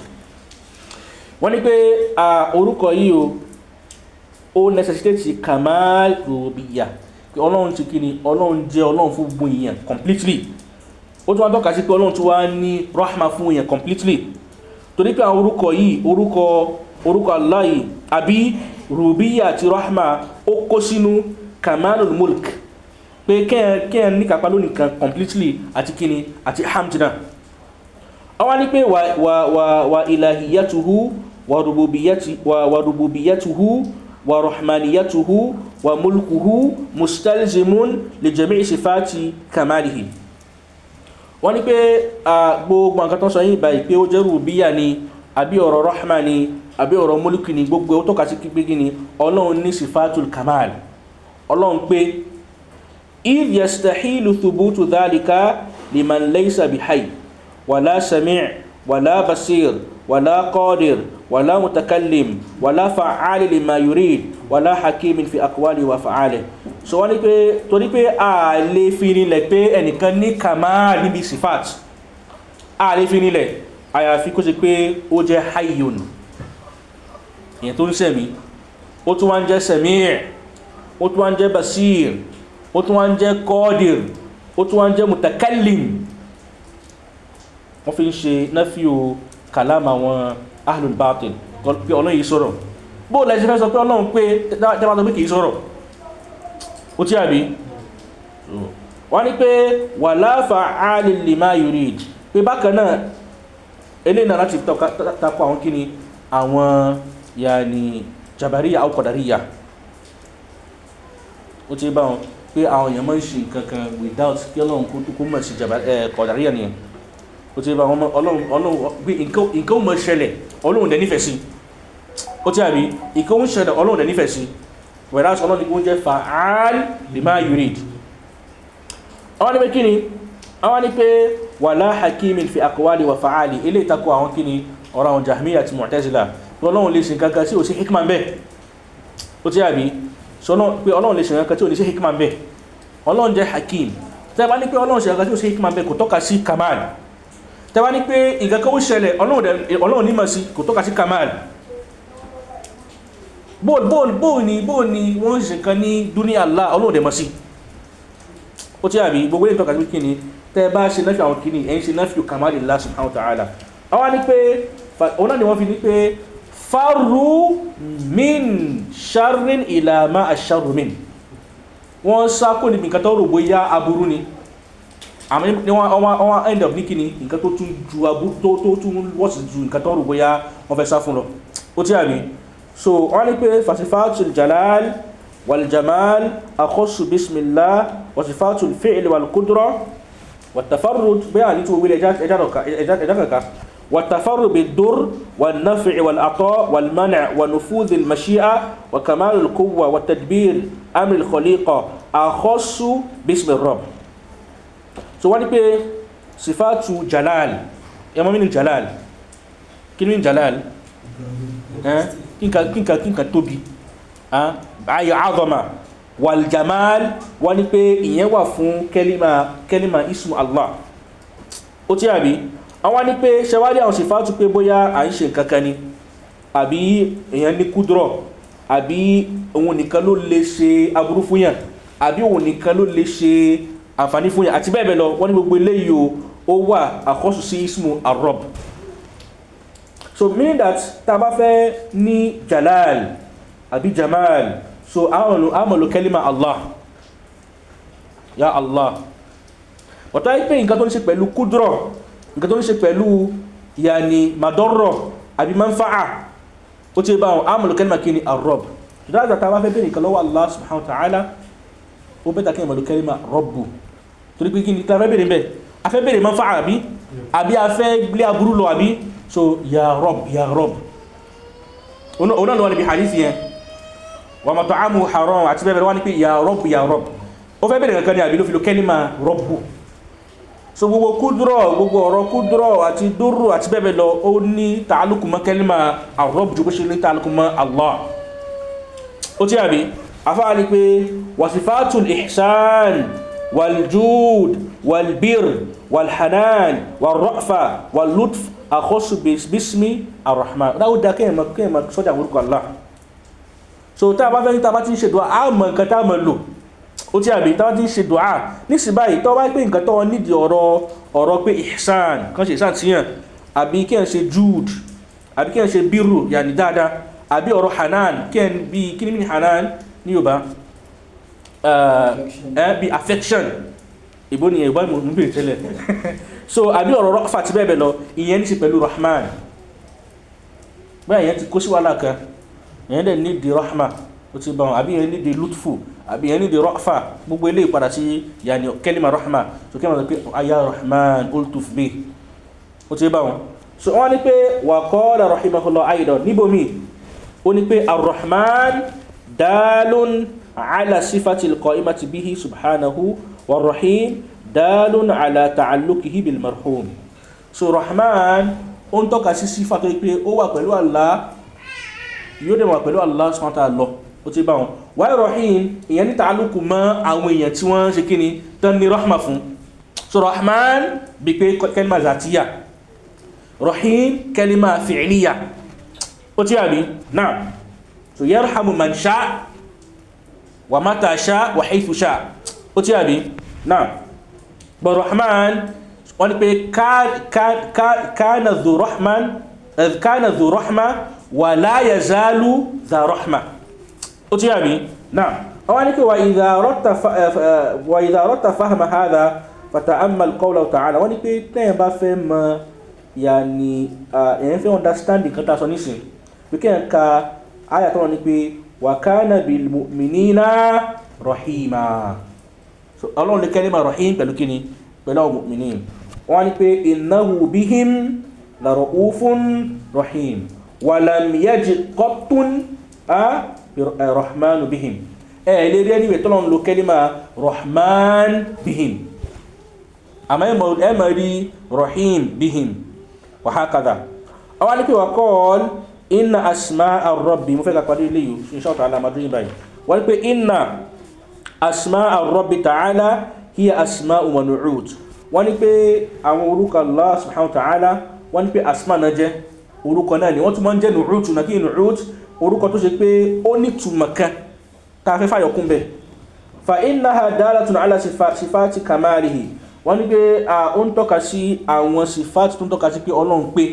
wọ́n ní pé orúkọ yìí o ó necessitate kamal rubiya pé ọlọ́run ti kíni ọlọ́run jẹ́ ọlọ́run fún gbogbo èèyàn completely ó tún wá tọ́ka sí pé ọlọ́run tún wá ní rahma fún èèyàn completely torí pé àwọn orúkọ yìí orúkọ orúkọ Allah yìí àbí rubiya àti rahma ó kó sínú kamalul mulk pé kẹ́ẹ̀ ní kápá lónìí kan completely àti kíni àti hamdina àwọn ní pé wà ilahiyatuhu wà rububiyatuhu ورحمانيته وملكه مستلزم لجميع صفات كماله wọ́n ní pé gbogbo nǹkan tó sọ yìí báyìí pé ó jẹ́ rùbíyà ni àbí ọ̀rọ̀ rahma ni àbí ọ̀rọ̀ múlùkì ni gbogbo ó tọ́ka sí pípé gíní ọlọ́run ní sifatul kamal ọlọ́run pé if yastahilu thubutu dhalika liman laysa bihayy wala sami' ولا بصير ولا قادر ولا متكلم ولا فعال لما يريد ولا حكيم في أقواله وفعاله so wọ́n ní pé torí pé a lè fi nílẹ̀ pé ẹnìkan ní kamal níbi sifat a lè fi nílẹ̀ àyàfi kó ṣe pé ó jẹ́ hayyun ìyẹn tó ń sẹ̀mí ó tún wá ń jẹ́ sẹ̀míẹ̀ ó tún wá ń jẹ́ basir ó tún wá ń jẹ́ qadir ó tún wá ń jẹ́ mutakallim wọ́n fi ń ṣe náfíò kàlámù àwọn ahlul batil pé ọlọ́run yìí sọ̀rọ̀ bó lẹ́sẹ̀ fẹ́ sọ pé ọlọ́run pé dábàá tó pé kìí sọ̀rọ̀ ó tí àbí wọ́n ní pé wala fa'alin lima yurid pé bákan náà eléyìí náà láti takọ àwọn kíni àwọn yàní jabariya aw qadariya ó ti bá wọn pé àwọn èèyàn máa ń ṣe nǹkan kan without kí ọlọ́run kó mọ̀ sí eh, qadariya nìyẹn ó ti bá wọn ọlọ́run pé nǹkan ó mọ́ ṣẹlẹ̀ ọlọ́run dẹ̀ nífẹ̀ẹ́ sí ó ti àbí nǹkan ó ń ṣẹlẹ̀ ọlọ́run dẹ̀ nífẹ̀ẹ́ sí whereas ọlọ́run ó jẹ́ fa'al lima yurid àwọn ni pé kíni àwọn ni pé wala hakimin fi aqwali wa fa'ali ilé ìtakò àwọn kíni ọ̀rọ̀ àwọn jahmiya àti mu'tazila pé ọlọ́run lè ṣe kankan tí ò sí hikman bẹ́ẹ̀ ó ti àbí sọ́nà pé ọlọ́run lè ṣe kankan tí ò ní sí hikman bẹ́ẹ̀ ọlọ́run jẹ́ hakim tẹ́ bá ní pé ọlọ́run ṣe kankan tí ò sí hikman bẹ́ẹ̀ kò tọ́ka sí kamal tẹ́wá ní pé nǹkan kan ó ṣẹlẹ̀ ọlọ́run ní mọ̀sí kò tọ́ka sí kamal bóòl bóòl bóòl ni bóòl ni wọ́n ṣe kan ní dúníà Allah ọlọ́run dẹ̀ mọ̀sí ó tí àbí gbogbo ilé tọ́ka sí tẹ́ bá ṣe náfíà àwọn kìíní ẹ̀yìn ṣe náfíà kamal Allah àwọn ni àmì ni wọ́n wọ́n end up ní kíni nǹkan tó tún ju abú tó tó tún wọ́sì ju nǹkan tó rò bóyá wọ́n fẹ́ sá fún lọ ó tí àmì so wọ́n ní pé fasifatul jalal wal jamal akhosu bismillah wasifatul fi'l wal qudra wat tafarrud bóyá ní tí wọ́n wílẹ̀ ẹja kankan والتفرد بالدر والنفع والعطاء والمنع ونفوذ المشيئة وكمال القوة والتدبير أمر الخليقة أخص باسم الرب so wọ́n ní pé sifatu jalal ẹmọ́ mínú jalal kí ní jalal kínkà tóbi ayọ̀ azọ́mà waljamal wọ́n ní pé ìyẹn wà fún kẹlima kẹlima ismu Allah ó tí àbí àwọn ní pé ṣẹwárí àwọn sifatu pé bóyá à ń ṣe kankan ni àbí èyàn ní kúdúrọ̀ àbí òun nìkan ló lè ṣe aburú fúnyàn àbí òun nìkan ló lè àǹfààní fún yàn àti bẹ́ẹ̀ bẹ́ẹ̀ lọ wọ́n ní gbogbo eléyìí o ó wà àkọ́sù sí ismu arob so meaning that tá a bá fẹ́ ní jalal àbí jamal so àwọn lo kẹ́límà allah ya allah wọ́tá ipé nǹkan tó ní ṣe pẹ̀lú kúdrọ̀ nǹkan tó ní ṣe pẹ̀lú yàní madọ́rọ̀ àbí manfa'a ó ti bá wọn àmàlò kẹ́límà kí ni arob so dáadáa tá a bá allah subhanahu wa ta'ala ó bẹ́ta kí ni àmàlò kẹ́límà rọ́bù torí pé kí ni tàbí bèèrè bẹ́ẹ̀ afẹ́ bèèrè mọ́ fáà àbí àbí afẹ́ gbé aburú lọ àbí so ya rob ya rob onáà wà níbi hadith yẹn wà mọ̀ tọ́ámù haram àti bẹ́ẹ̀ wà ní pé ya rob ya rob ó fẹ́ bèèrè kankan ní àbí ló fi lo kẹ́límà rọ́bù so gbogbo kúdúrọ̀ gbogbo ọ̀rọ̀ kúdúrọ̀ àti dúró àti bẹ́ẹ̀ lọ ó ní tààlùkù mọ́ kẹ́límà àrọ́bù ju bó ṣe ní tààlùkù mọ́ Allah ó tí àbí afáà ní pé wàsífàtùl ihsan والجود والبر والحنان والرأفة واللطف أخص باسم الرحمن dáwó da kéèyàn mọ kéèyàn mọ sọ́jà orúkọ Allah so tá a bá fẹ́ tá a bá ti ń ṣe dùá á mọ nǹkan tá a mọ lò ó ti àbí tá a bá ti ń ṣe dùá nísìnyí báyìí tó bá pé nǹkan tó nídìí ọ̀rọ̀ ọ̀rọ̀ ihsan kan ṣe ihsan tiyan àbí kéèyàn ṣe jud àbí kéèyàn ṣe biru yàní dáadáa àbí ọ̀rọ̀ hanan kéèyàn bíi kí ni hanan ní Yorùbá Uh, uh, bi affection ìbò ni ìbò mo tẹ́lẹ̀ so àbí ọ̀rọ̀ rọ́fà ti bẹ́ẹ̀ bẹ́ẹ̀ lọ ìyẹn ní ti pẹ̀lú rahman bẹ́ẹ̀ yẹn ti kó sí wàhálà kan ìyẹn dẹ̀ ní di rahman ó ti bá wọn àbí ìyẹn ní di lutfu àbí ìyẹn ní di rọ́fà gbogbo ilé ìpadà sí yàní kẹ́límà rahman so kẹ́límà sọ pé ayá ah, rahman ultuf bi ó ti bá wọn so wọ́n ní pé wà qala rahimahullah aidan níbòmí ó ní pé arrahman dalun على صفة القائمة به سبحانه والرحيم دال على تعلقه بالمرحوم so rahman ó ń tọ́ka sí sífà tó pé ó wà pẹ̀lú Allah yóò dẹ̀ wà pẹ̀lú Allah subhanahu wa ta'ala lọ ó ti bá wọn wáyé rahim èyàn ní tààlùkù mọ́ àwọn èèyàn tí wọ́n ṣe kíni tán ní rahma fún so rahman bí pé kẹlima zatiya rahim kẹlima fi'liya ó ti àbí náà so yarhamu man sha' wa mata sha wa haythu sha ó tí àbí náà bọ̀ rahman wọ́n ni pé kánà zu rahman eh, kánà zu rahma wa la yazalu za rahma ó tí àbí náà wọ́n ni pé eh, eh, wa idha ratta fahma hadha fata'ammal qawla ta'ala wọ́n ni pé tẹ́yìn bá fẹ́ mọ̀ yàní ah, ẹ̀yìn fẹ́ understand nǹkan tá nísìn pé kẹ́yìn wàkánà bìlmùmìnínà rọ̀hìmà ọlọ́run ní kẹ́límà rọ̀hìm pẹ̀lú kíni pẹ̀lú àwọn mùmìnì wọ́n ní pé innahu bihim lara'ufun rọ̀hìm walam yaji qatun eh, rahmanu bihim ẹ̀ lè rí ẹni wẹ̀ tọ́lọ́run ló kẹ́límà rahman bihim àmọ́ ẹ̀ mọ̀ rí rọ̀hìm bihim wàhákàdà àwọn inna asma arọ́bì mo fẹ́ ka parí ilé yìí insha Allah ta'ala madrid ibrahim wọ́n ní pé inna asma arọ́bì ta'ala hiya asma umanu'ud wọ́n ní pé àwọn orúkọ allah subhanahu wa ta'ala wọ́n ní pé asma náà jẹ́ orúkọ náà ni wọ́n tún máa ń jẹ́ nu'ud náà kí nu'ud orúkọ tó ṣe pé ó ní túmọ̀ kan tá a fẹ́ fàyọkún bẹ́ẹ̀ fa innaha dalatun ala sifati kamalihi wọ́n ní pé ó ń tọ́ka sí àwọn sifati tó ń tọ́ka sí pé ọlọ́run pé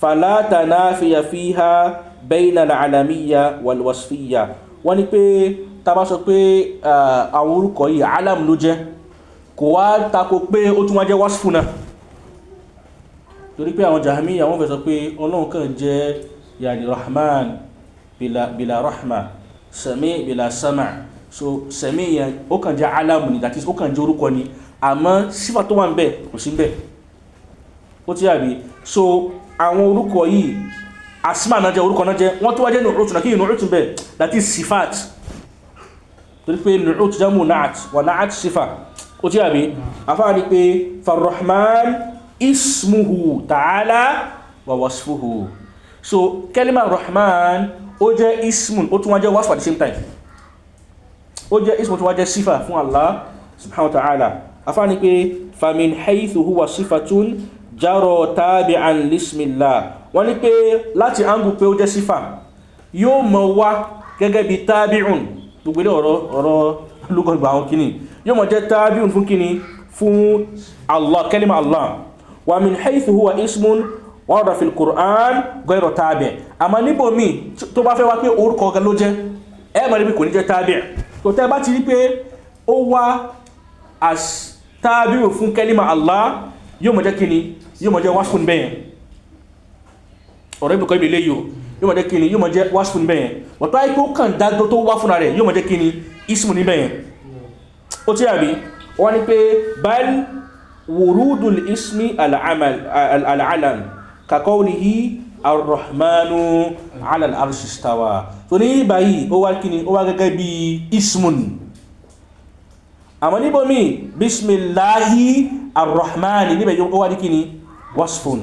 fala tanafiya fiha bayna al-alamiyya wal-wasfiyya wọ́n ní pé tàbá sọ pé àwọn orúkọ yìí alam ló jẹ́ kò wá tako pé ó tún wá jẹ́ wasfu náà torí pé àwọn jahamiya wọ́n fẹ́ sọ pé ọlọ́run kàn jẹ́ yàní rahman bila bila rahma sami bila sama so sami yẹn ó kàn jẹ́ alam ni that is ó kàn jẹ́ orúkọ ni àmọ́ sífà tó wà ń bẹ̀ kò sí ń bẹ̀ ó ti àbí so àwọn orúkọ yìí asima náà jẹ́ orúkọ náà jẹ́ wọ́n tó wá jẹ́ nùrùtù náà kí yìí nùrùtù bẹ̀ láti sifat torí pé nùrùtù jẹ́ mú náàt wà náàt sifa ó tí àbí afá ní pé farrahman ismuhu ta'ala wa wasfuhu so kelima rahman ó jẹ́ ismun ó tún wá jẹ́ wasfu at the same time ó jẹ́ ismun tó wá jẹ́ sifa fún Allah subhanahu wa ta'ala afá ní pé famin járọ tabi'an lismillah wọ́n ní pé láti angu pé ó jẹ́ sífà yóò mọ̀ wá gẹ́gẹ́ bí tabi'un gbogbo ilé ọ̀rọ̀ ọ̀rọ̀ lúgọ̀gbà àwọn kìíní yóò mọ̀ jẹ́ tabi'un fún kìíní fún allah kalima allah wa min haythu huwa ismun warada fil qur'an ghayru tabi' àmọ́ níbo mi tó bá fẹ́ wá pé orúkọ ọ̀gá ló jẹ́ ẹ mọ̀ níbi kò ní jẹ́ tabi' tó tẹ́ bá ti rí pé ó wá as tabi'un fún kalima allah yóò mọ̀ jẹ́ kìíní yóò mọ̀ jẹ́ washful bẹ́yẹn ọ̀rọ̀ ìbùkọ́ ibi ilé yóò yóò mọ̀ jẹ́ kíni yóò mọ̀ jẹ́ washful bẹ́yẹn wọ̀tá ikú kàn dágbó tó wá fúnra rẹ̀ yóò mọ̀ jẹ́ kíni ismu ní bẹ́yẹn ó tí àbí wọ́n ni pé bal wurudul ismi al'alam kakọ́wùlìhí arrahmanu alal arshistawa tó ní báyìí ó wá kíni ó wá gẹ́gẹ́ bí ismu ni àmọ́ níbòmí bismillahi arrahmani níbẹ̀ yóò wá ní kíni wasfun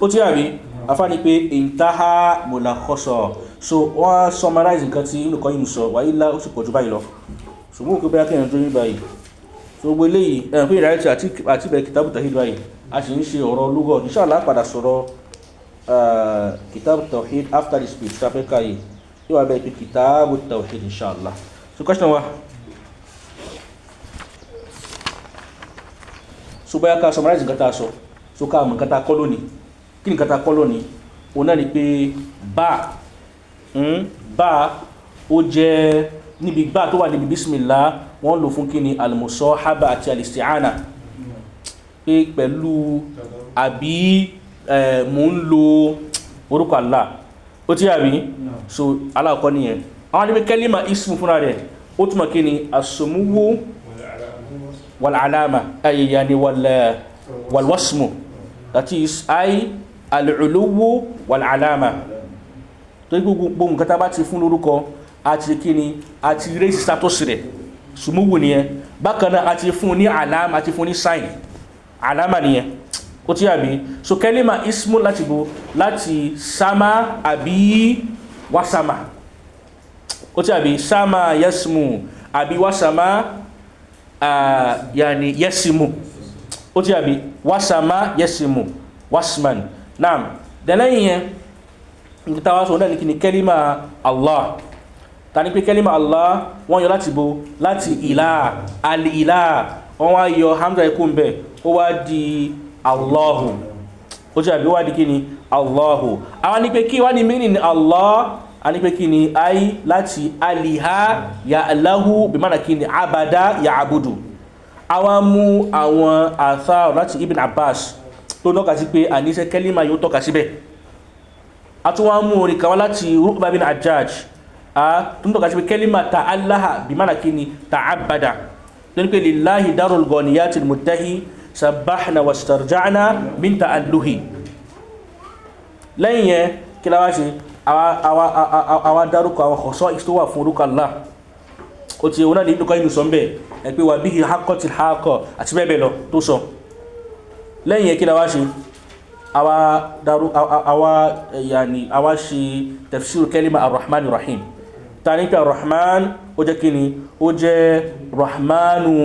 ó tí àrí afá ni pé intaha mulakhasa so wọ́n summarize nǹkan tí olùkọ́ yìí sọ wáyé lá ó sì pọ̀ jù báyìí lọ ṣùgbọ́n òkú bẹ́yà kẹrin dúró báyìí so gbogbo eléyìí ẹ̀rùn pé ìráyẹ̀tì àti ìbẹ̀rẹ̀ kìtàbù tawhid báyìí a sì ń ṣe ọ̀rọ̀ lúgọ̀ inshallah padà sọ̀rọ̀ kìtàbù tawhid after this speech tafẹ́ka yìí yóò wá bẹ́ẹ̀ pé kìtàbù tawhid inshallah so question wa so bẹ́yà ká summarize nǹkan tá a sọ so so ká mọ̀ nǹkan tá a kọ́ lónìí kí ni nǹkan tá a kọ́ lónìí òun náà ni pé bá hmm, bá ó jẹ́ níbi bá tó wà níbi bísímìlá wọ́n lò fún kí ni alìmọ̀sọ́ haba àti alìsíhánà pé pẹ̀lú àbí mò ń lo orúkọ Allah ó ti àbí so aláàkọ́ nìyẹn àwọn níbi kẹ́límà ismu fúnra rẹ̀ ó túnmọ̀ kí ni asòmúwó wàlàlámà ayẹyẹ ni wàlwasmu wal that is i al'uluwu wal'alama tó yí gbogbo nǹkan tá bá ti fún lórúkọ àti kíni àti raise status rẹ̀ sùmúwù nìyẹn bákan náà àti fún ní alama àti fún ní sign alama nìyẹn ó ti àbí so kẹlima ismu láti bo láti sama àbí wasama ó ti àbí sama yasmu àbí wasama uh, yani yasimu ó ti àbí wasama yasimu wasman naam dẹ̀lẹ́yìn yẹn ní tàwà sọ náà ní kí ni kẹ́límà allah ta ní pé kẹ́límà allah wọ́n yọ láti bo láti ìlà alìlà wọ́n wá yọ hamza ikú ń bẹ̀ ó wá di allahu ó ti àbí wá di kí allahu àwọn ní pé kí wá ní mí ní allah a ní pé kí láti aliha ya alahu bí mánà abada ya abudu àwọn mú àwọn àtha láti ibn abbas tó lọ́ka sí pé àníṣẹ́ kẹ́límà yóò tọ́ka síbẹ̀ a tún wọ́n mú orin kan láti rúkbà bin ajaj a tó ń tọ́ka sí pé kẹ́límà ta'allaha bí mára kí ni ta'abbada tó ní pé lillahi darul goniyatil muddahi sabbahna wastarja'na min ta'alluhi lẹ́yìn yẹn kí la ṣe àwa dárúkọ àwọn kọ̀sọ́ ìṣòwà fún orúkọ allah ó ti wọ́n náà ní ibùkọ́ ìlú sọ́mbẹ̀ẹ́ ẹ pé wà bí i hakọ́tì hakọ́ àti bẹ́ẹ̀ bẹ́ẹ̀ lọ tó sọ lẹ́yìn ẹ̀kí làwá ṣe àwa daru àwa yàní àwa ṣe tafsir kẹ́límà arrahman rahim ta ní pé arrahman ó jẹ́ kíni ó jẹ́ rahmanu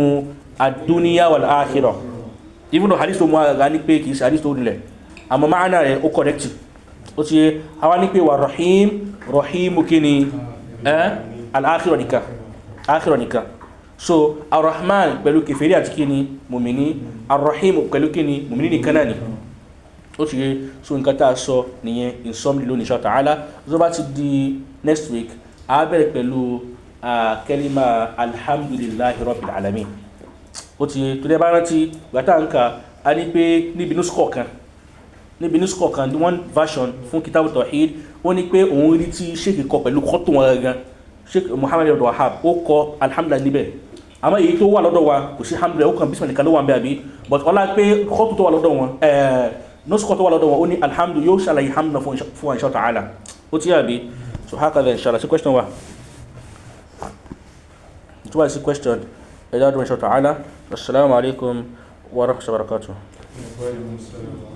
adúníyà wal akhirah even though hadith tó mú àgàgà ní pé kìí ṣe hadith tó rinlẹ̀ àmọ́ máàna rẹ̀ ó correct ó ti yẹ ní pé wà rahim rahimu kíni ẹ́ eh? al akhirah nìkan so arrahman pẹ̀lú kèfèrí àti kíni mùmìní arrahim pẹ̀lú kíni mùmìní nìkan náà ni ó ti rí so nǹkan tá a sọ nìyẹn insomni lónìí ṣọ́ta ala tó bá ti di next week a bẹ̀rẹ̀ pẹ̀lú kẹlima alhamdulillahi rabbil alamin ó ti tó dẹ́ bá rántí gbàtà nǹka a ní pé níbi nuskọ̀ kan níbi nuskọ̀ kan one version fún kitabu tawhid ó ní pé òun rí tí sheikh kọ pẹ̀lú kọ́tùn wọn sheikh muhammad abdul wahab ó kọ alhamdulilah níbẹ̀ àmọ́ èyí tó wà lọ́dọ̀ wa kò sí hamdu rẹ̀ ó kàn bísímọ̀ nìkan ló wà ń bẹ àbí but ọlá pé kọ́tù tó wà lọ́dọ̀ wọn eh, nọ́sùkọ́ tó wà lọ́dọ̀ wọn ó ní alhamdu yóò ṣàlàyé hamdu fún àìṣọ́ ta'ala ó ti àbí so how can they inshallah sí question wa tó wà sí question ẹ̀dá àdúrà inshallah ta'ala assalamu alaikum wa rahmatullahi wa barakatuh